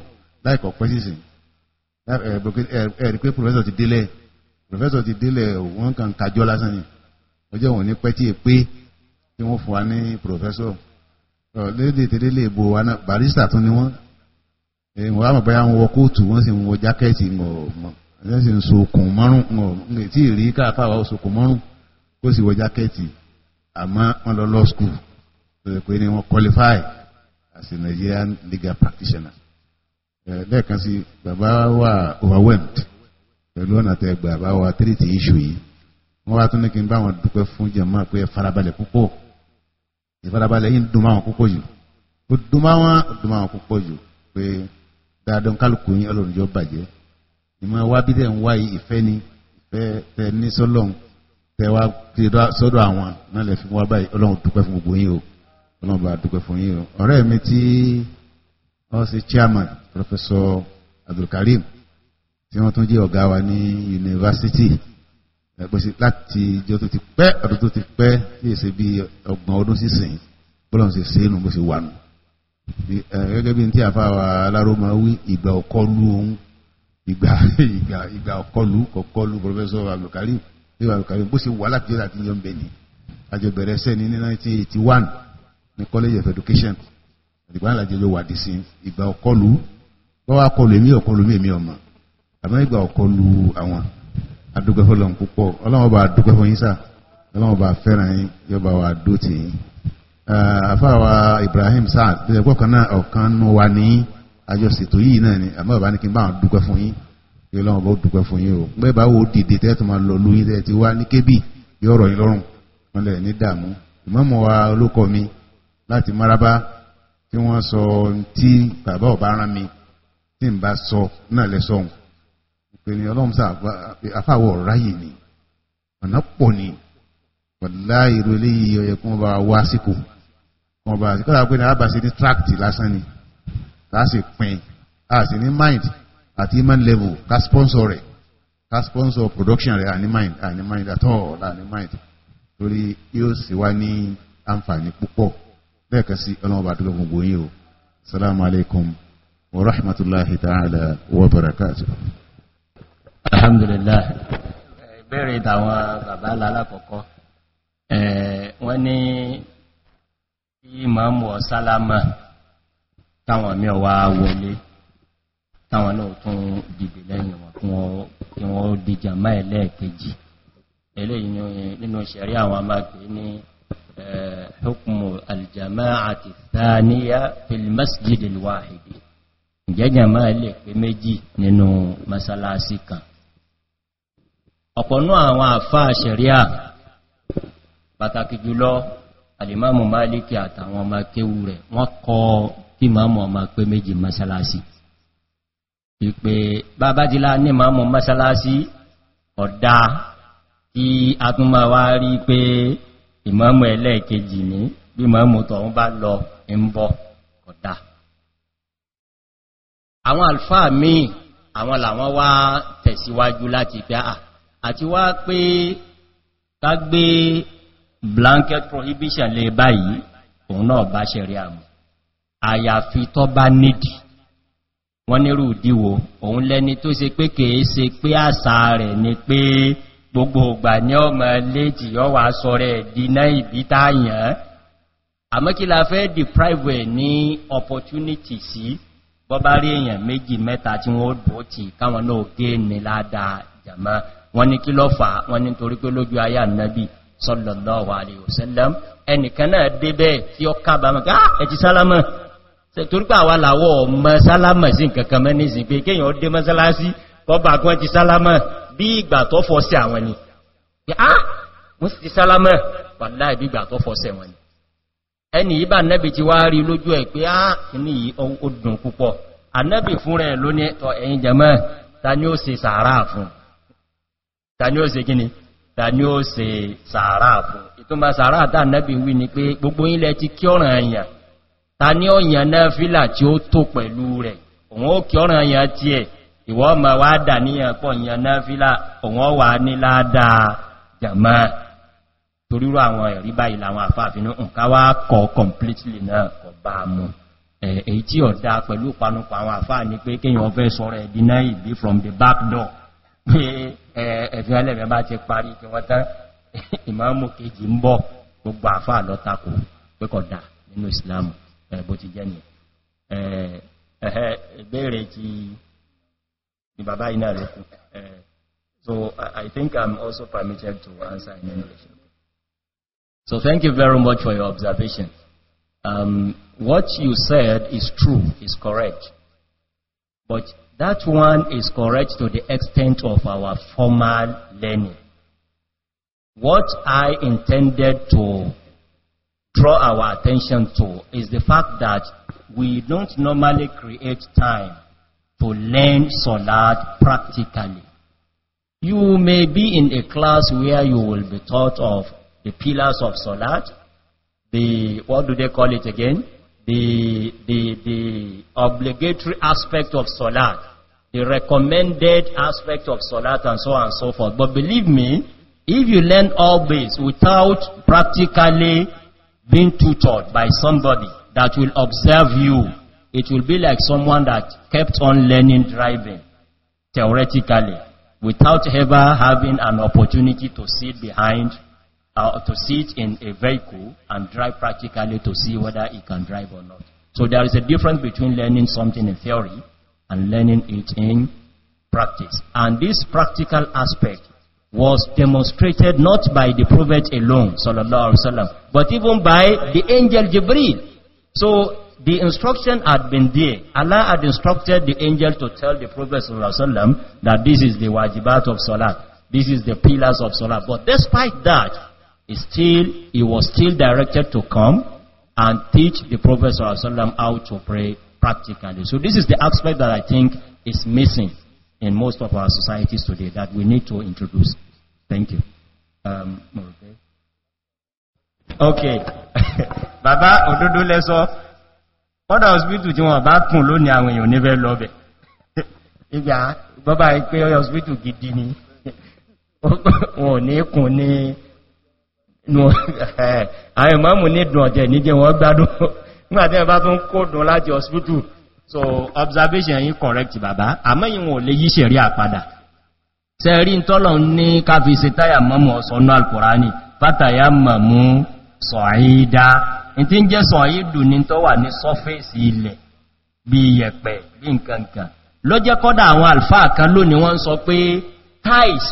láìkọ̀ pẹ́ sísìn ẹ̀rí pé professor ti délẹ̀ professor ti délẹ̀ wọ́n kàn kájọ́ lásán ni ọjọ́ wọn ní pẹ́ tí è pé tí wọ́n fún wa ní professor lédè tẹ́lẹ̀ èbò wa náà barista tún ni wọ́n wọ́n á mọ̀ bóyá wọ́n wọ kóòtù wọ́n sì ń wọ jákẹ́ẹ̀tì mọ̀ mọ̀ ẹ̀sìn sokùn márùn-ún tí ì rí káàfà wa sokùn márùn-ún ó sì wọ jákẹ́ẹ̀tì àmọ́ wọ́n lọ law school lórí pé ni wọ́n qualify as a Nigerian legal practitioner lẹ́ẹ̀kan sí bàbá wà overwhelmed pẹ̀lú ọ̀nà tẹ gbà bá wa tírìtì issue yìí wọ́n wá tún ní kí n bá wọn dúpẹ́ fún jẹ̀mọ́ pé ìfarabalẹ̀ púpọ̀ ìfarabalẹ̀ yìí ń dùn máwọn púpọ̀ jù ó dùn máwọn dùn máwọn púpọ̀ jù pé dáadọ́ kálukú yín ọlọ́run jọ bàjẹ́ ìmọ̀ wá tẹ̀ ń wá ìfẹ́ ni ìfẹ́ tẹ ní sọ́lọ́run tẹ wá ti sọ́dọ̀ àwọn náà lè fi wá báyìí ọlọ́run dúpẹ́ fún gbogbo yín o ọlọ́run bá dúpẹ́ fún yín o ọ̀rẹ́ mi tí wọ́n ṣe chairman professor abdulkareem tí wọ́n tún jẹ́ ọ̀gá wa ní yunifásitì ẹgbẹ́sí láti ìjọ tó ti pẹ́ ọdún tó ti pẹ́ tí èsè bí ọgbọ̀n ọdún sísìn bọ́lọ̀ ṣe ṣe nù bó ṣe wà nù gẹ́gẹ́ bí tí àfa wa aláró máa wí ìgbà ọkọlù ohun ìgbà (laughs) ìgbà ìgbà ọkọlù professor abdulkareem ní wàá kàrí bó ṣe wà láti jẹ́ àti yọ̀ǹbẹ̀ ni àjọbẹ̀rẹ̀ ẹsẹ̀ ní ní 1981 ní college of education àdìgbà náà àjẹjọ wà dì sí ìgbà ọkọlù wọ́n wá kọlù èmi ọkọlù mi èmi ọmọ àmọ́ ìgbà ọkọlù àwọn adúgbẹ́ fọlọ́n púpọ̀ ọlọ́wọ́n bá dúgbẹ́ yín sá ọlọ́wọ́n bá fẹ́ràn yín yọba wà dó tì yín àfáwà Ibrahim sáà bẹ́ẹ̀ gbọ́kànnà ọ̀kan nù wa ní àjọṣètò yìí náà ni àmọ́ bàbá ní bá dúgbẹ́ fún yín yóò lọ́wọ́ bó dùpẹ́ fún yín o bẹ́ẹ̀ bá wo dìde tẹ́ tó máa lọ lóyún tẹ́ ti wá ní kébì yóò rọ̀ lọ́rùn wọn lẹ̀ ní dààmú ìmọ̀mọ̀ wa olókọ mi láti maraba tí wọ́n sọ tí bàbá ọ̀bá rán mi tí n bá sọ náà lẹ sọ̀hún pé ní ọlọ́run sá afáwọ̀ ráyè ni ọ̀nà pọ̀ ni wàlá ìró eléyìí ọ̀yẹ kí wọ́n bá wá síkò wọ́n bá síkò láti pé ní alábàáṣe ní tract lásán ni láti pin àti ní mind At human level ká sponsor rẹ̀ ká sponsor production rẹ̀ àní mind àní mind at all àní mind torí yóò sì wá ní àǹfààní púpọ̀ lẹ́ẹ̀kan sí ọlọ́run bá dúró gbogbo yín o salamu alaykum wa rahmatulahi ta'ala wa barakatuh. alhamdulilah ìbéèrè tàwọn bàbá alákọ̀ọ́kọ́ wọ́n ní kí màmú ọ̀sálámà táwọn mi ò wá wọlé táwọn náà tún dìbè lẹ́yìn wọn kí wọ́n dìjà máa ẹlẹ́ẹ̀kejì eléyìn nínú ṣẹ̀rí àwọn amáàkì ní hukumu aljama'ati thaniya fil masjid alwahidi ìjẹ́jà máa lè pé méjì nínú masalasi kan ọ̀pọ̀nú àwọn àfáà ṣẹ̀ríà pàtàkì jùlọ alimamu maliki àtàwọn ọmọ akéwù rẹ̀ wọ́n kọ kí máa ọmọ pé méjì masalasi ìpè bàbá ti lá ní máa mọ̀ mọ́sálásí ọ̀dá tí a tún máa wá rí pé ìmọ̀mù ẹlẹ́ẹ̀kejì ní bí mọ̀mù tọ̀hún bá lọ ń bọ̀ ọ̀dá àwọn alfáà míì àwọn làwọn wá tẹ̀síwájú láti pé àti wá pé ká gbé blanket prohibition lè báyìí òun náà bá ṣẹ̀rí àmù àyàfi tọ́ bá nídìí wọ́n nírú ìdíwò òun lẹ́ni tó se pé kèé se pé àṣà rẹ̀ ni pé gbogbo ògbà ní ọmọ léjì yọ́ sọ rẹ̀ dínà ìbí táyàn àmọ́kílá fẹ́ deprive ẹ̀ ní opportunity sí bọ́bá rí èèyàn méjì mẹ́ta tí wọ́n dùn ti káwọn náà gé ní ládàá jàmá wọ́n ní kí lọ́fà wọ́n ní torí pé lójú ayá nàbì sọ́lọ̀lọ́wà àríwọ̀sẹ́lẹ́m ẹnìkan náà débẹ̀ tí ọ kábàmọ́ ah, ẹ̀ ti sálámọ́ torípé àwà làwọ̀ ọmọ sálámà sí nkankan mẹ́ni sí pé kéyàn dé mọ́sálásí kọba kan ti sálámà bí ìgbà tó fọ́sẹ̀ àwọn ni yá mú sí sálámà pàdá ìbí ìgbà tó fọ́sẹ̀ wọn ni ẹni ìbá nẹ́bì ti wá rí lójú ẹ̀ pé á ní ọdún púpọ̀ anẹ́bì fún rẹ̀ ló ní ẹ̀tọ́ ẹ̀yìn jẹmọ́ ta ni ó se sàárà fún ta ni ó se gíní ta ni ó se sàárà ta ní ọ̀yàn náà fílà tí ó tó pẹ̀lú rẹ̀ òun ó kí ọ̀ràn yàn tí ẹ̀ ìwọ́ ma wá dà níyàn pọ̀ yàn náà fílà òun ó wà ní ládáa jàmá torírò àwọn ẹ̀rí báyìí làwọn àfáàfinú nǹkan wá kọ completely náà kọ bá mú èyí tí ọ̀dá pẹ̀lú panupọ̀ àwọn àfáà ní pé kíyàn fẹ́ sọ́rọ̀ ẹ̀dí náà ìbí from the back door pé ẹ̀fẹ́ ẹlẹ́fẹ́ bá ti parí kí wọ́n tán (laughs) ìmọ̀ mú kejì ń bọ̀ gbogbo àfáà lọ́takò pẹ́kọ̀dá nínú ìsìlámù Eh, bó ti jẹ́ ni eh, eh, ìbéèrè ti ni bàbá iná so I think I'm also permitted to answer in English so thank you very much for your observation um, what you said is true is correct but that one is correct to the extent of our formal learning what I intended to draw our attention to is the fact that we don't normally create time to learn Salat practically. You may be in a class where you will be taught of the pillars of Salat, the, what do they call it again? The, the, the obligatory aspect of Salat, the recommended aspect of Salat and so on and so forth. But believe me, if you learn all this without practically being tutored by somebody that will observe you. It will be like someone that kept on learning driving, theoretically, without ever having an opportunity to sit behind, uh, to sit in a vehicle and drive practically to see whether he can drive or not. So there is a difference between learning something in theory and learning it in practice. And this practical aspect was demonstrated not by the Prophet alone, sallallahu alaihi wasallam, but even by the angel Jibril. So the instruction had been there. Allah had instructed the angel to tell the Prophet sallallahu alaihi wasallam that this is the wajibat of salah, this is the pillars of salah. But despite that, still he was still directed to come and teach the Prophet sallallahu alaihi wasallam how to pray practically. So this is the aspect that I think is missing in most of our societies today that we need to introduce. Thank you. Um, okay. Bàbá òdòdó lẹ́sọ́, ọ̀dọ̀ hospital tí wọ́n bá kùn lónìí àwọn èèyàn níbẹ̀ lọ́bẹ̀. (laughs) Ìgbà bọ́bá pé ọyọ hospital gidi ni, (laughs) wọ́n ní kùn ní (laughs) àwọn ìmọ́mù ní dùn ọ̀jẹ̀ níjẹ wọ́n gbádùn. Nígbàtí ẹ bá tún kó dùn láti hospital so observation yìí correct bàbá àmọ́ ìwọ̀n lè yí ṣẹ̀rí àpadà sẹ́rí tọ́lọ̀ ní káfí se táyà mọ́mọ̀ sọ́nà alkùránì pátàyà mọ̀mú sọ̀ídá tí ń jẹ́ sọ̀ídù ní tọ́ wà ní sọ́fẹ́sì ilẹ̀ bí yẹ̀pẹ̀ bí nkankan ló jẹ́ kọ́dà àwọn alfa kan ni wọ́n sọ pé ties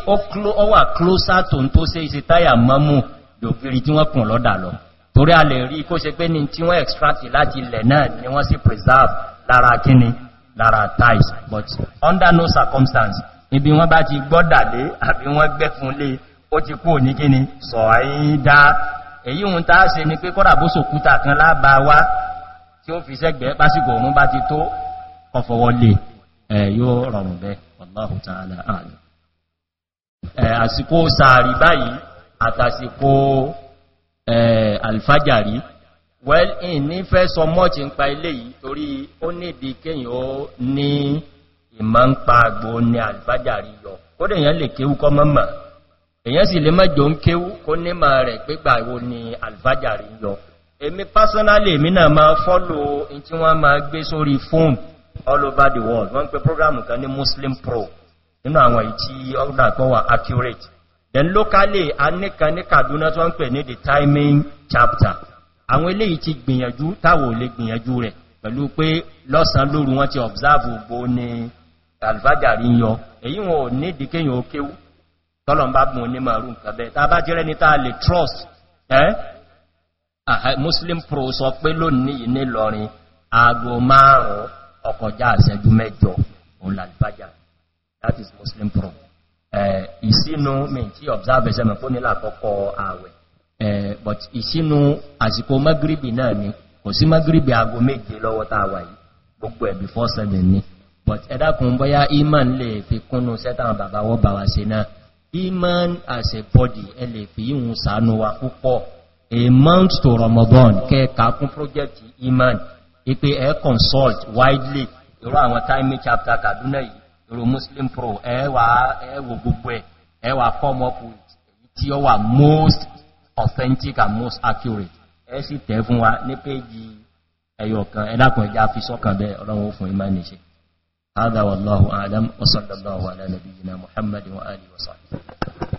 ó wà closer to tó se mamu do mọ́mù dògiri tí wọ́n kùn lọ́dà lọ torí a lè rí kó se pé ní tí wọ́n extract láti ilẹ̀ náà ni wọ́n sì preserve lára kíni lára ties but under no circumstance ibi wọ́n bá ti gbọ́dàlé àbí wọ́n gbẹ́ fún lé ó ti kú ní kíni sọ àìdá èyí hun tàá se ni pé kọ́dà bó sòkúta kan lába wá tí ó fi sẹ́gbẹ̀ẹ́ pásìkò òun bá ti tó ọfọwọlé ẹ̀ yóò rọrùn bẹ́ ọlọ́hùn tààlà ààrẹ àsìkò sàárì báyìí well in ní fẹ́ sọ mọ́ọ̀tí ń pa ilé yìí torí ó nìdí kíyàn ó ní ìmọ̀ ń pa àgbò ní àlùfájàrí yọ kó dẹ̀ èyàn lè kéwú kọ mọ́mọ̀ èyàn sì lè mọ́jọ ń kéwú kó nímọ̀ rẹ̀ pígbà ìwò ní àlùfájàrí yọ èmi personally èmi náà ma fọ́lò in tí wọ́n máa gbé sórí phone all over the world wọ́n pe program kan ní muslim pro nínú àwọn ìtí ọgbà kan wà accurate then locally a níkan ní kaduna tí wọ́n pè ní the timing chapter àwọn eléyìí ti gbìyànjú táwò lè gbìyànjú rẹ̀ pẹ̀lú pé lọ́sàn lóru wọ́n ti observe gbò ní alfajari yọ èyí wọn ò ní ìdíkéyàn ókéwú tọ́lọ̀ bá bùn ní màrú nǹkan ta bá jẹ́rẹ́ ní ta lè trust eh? muslim pro sọ pé lónìí ní lọrin aago márùn-ún ọkọ̀já àṣẹ́jú mẹ́jọ òun làlùfájà that is muslim pro ìsínú mi tí observe ẹsẹ̀ mẹ́fónílà àkọ́kọ́ ààwẹ̀ Eh, but ìsínú àsìkò magribi náà ni kò sí magribi aago méje lọ́wọ́ tàwà yìí gbogbo ẹ̀bí 4-7 ni but ẹ̀dàkùn bọ́yá iman lè fi kúnnù sẹ́tàn bàbá wọ́ bà wá sí náà iman as a body ẹ lè fi yíhun sàánú wa púpọ̀ a month to ramadan kẹ́ẹ̀kà kún project iman ipe ẹ consult widely irú àwọn time chapter kaduna yìí irú muslim pro ẹwà ẹwò gbogbo ẹ ẹwà come up with èyí tí ó wà most authentic and most accurate ẹ sì tẹ́ fún wa ní péjì ẹyọ̀kan ẹlákùn ẹjá fi sọ́kàn bẹ́ ọlọ́run fún imá ní ṣe هذا والله أعلم وصلى الله على نبينا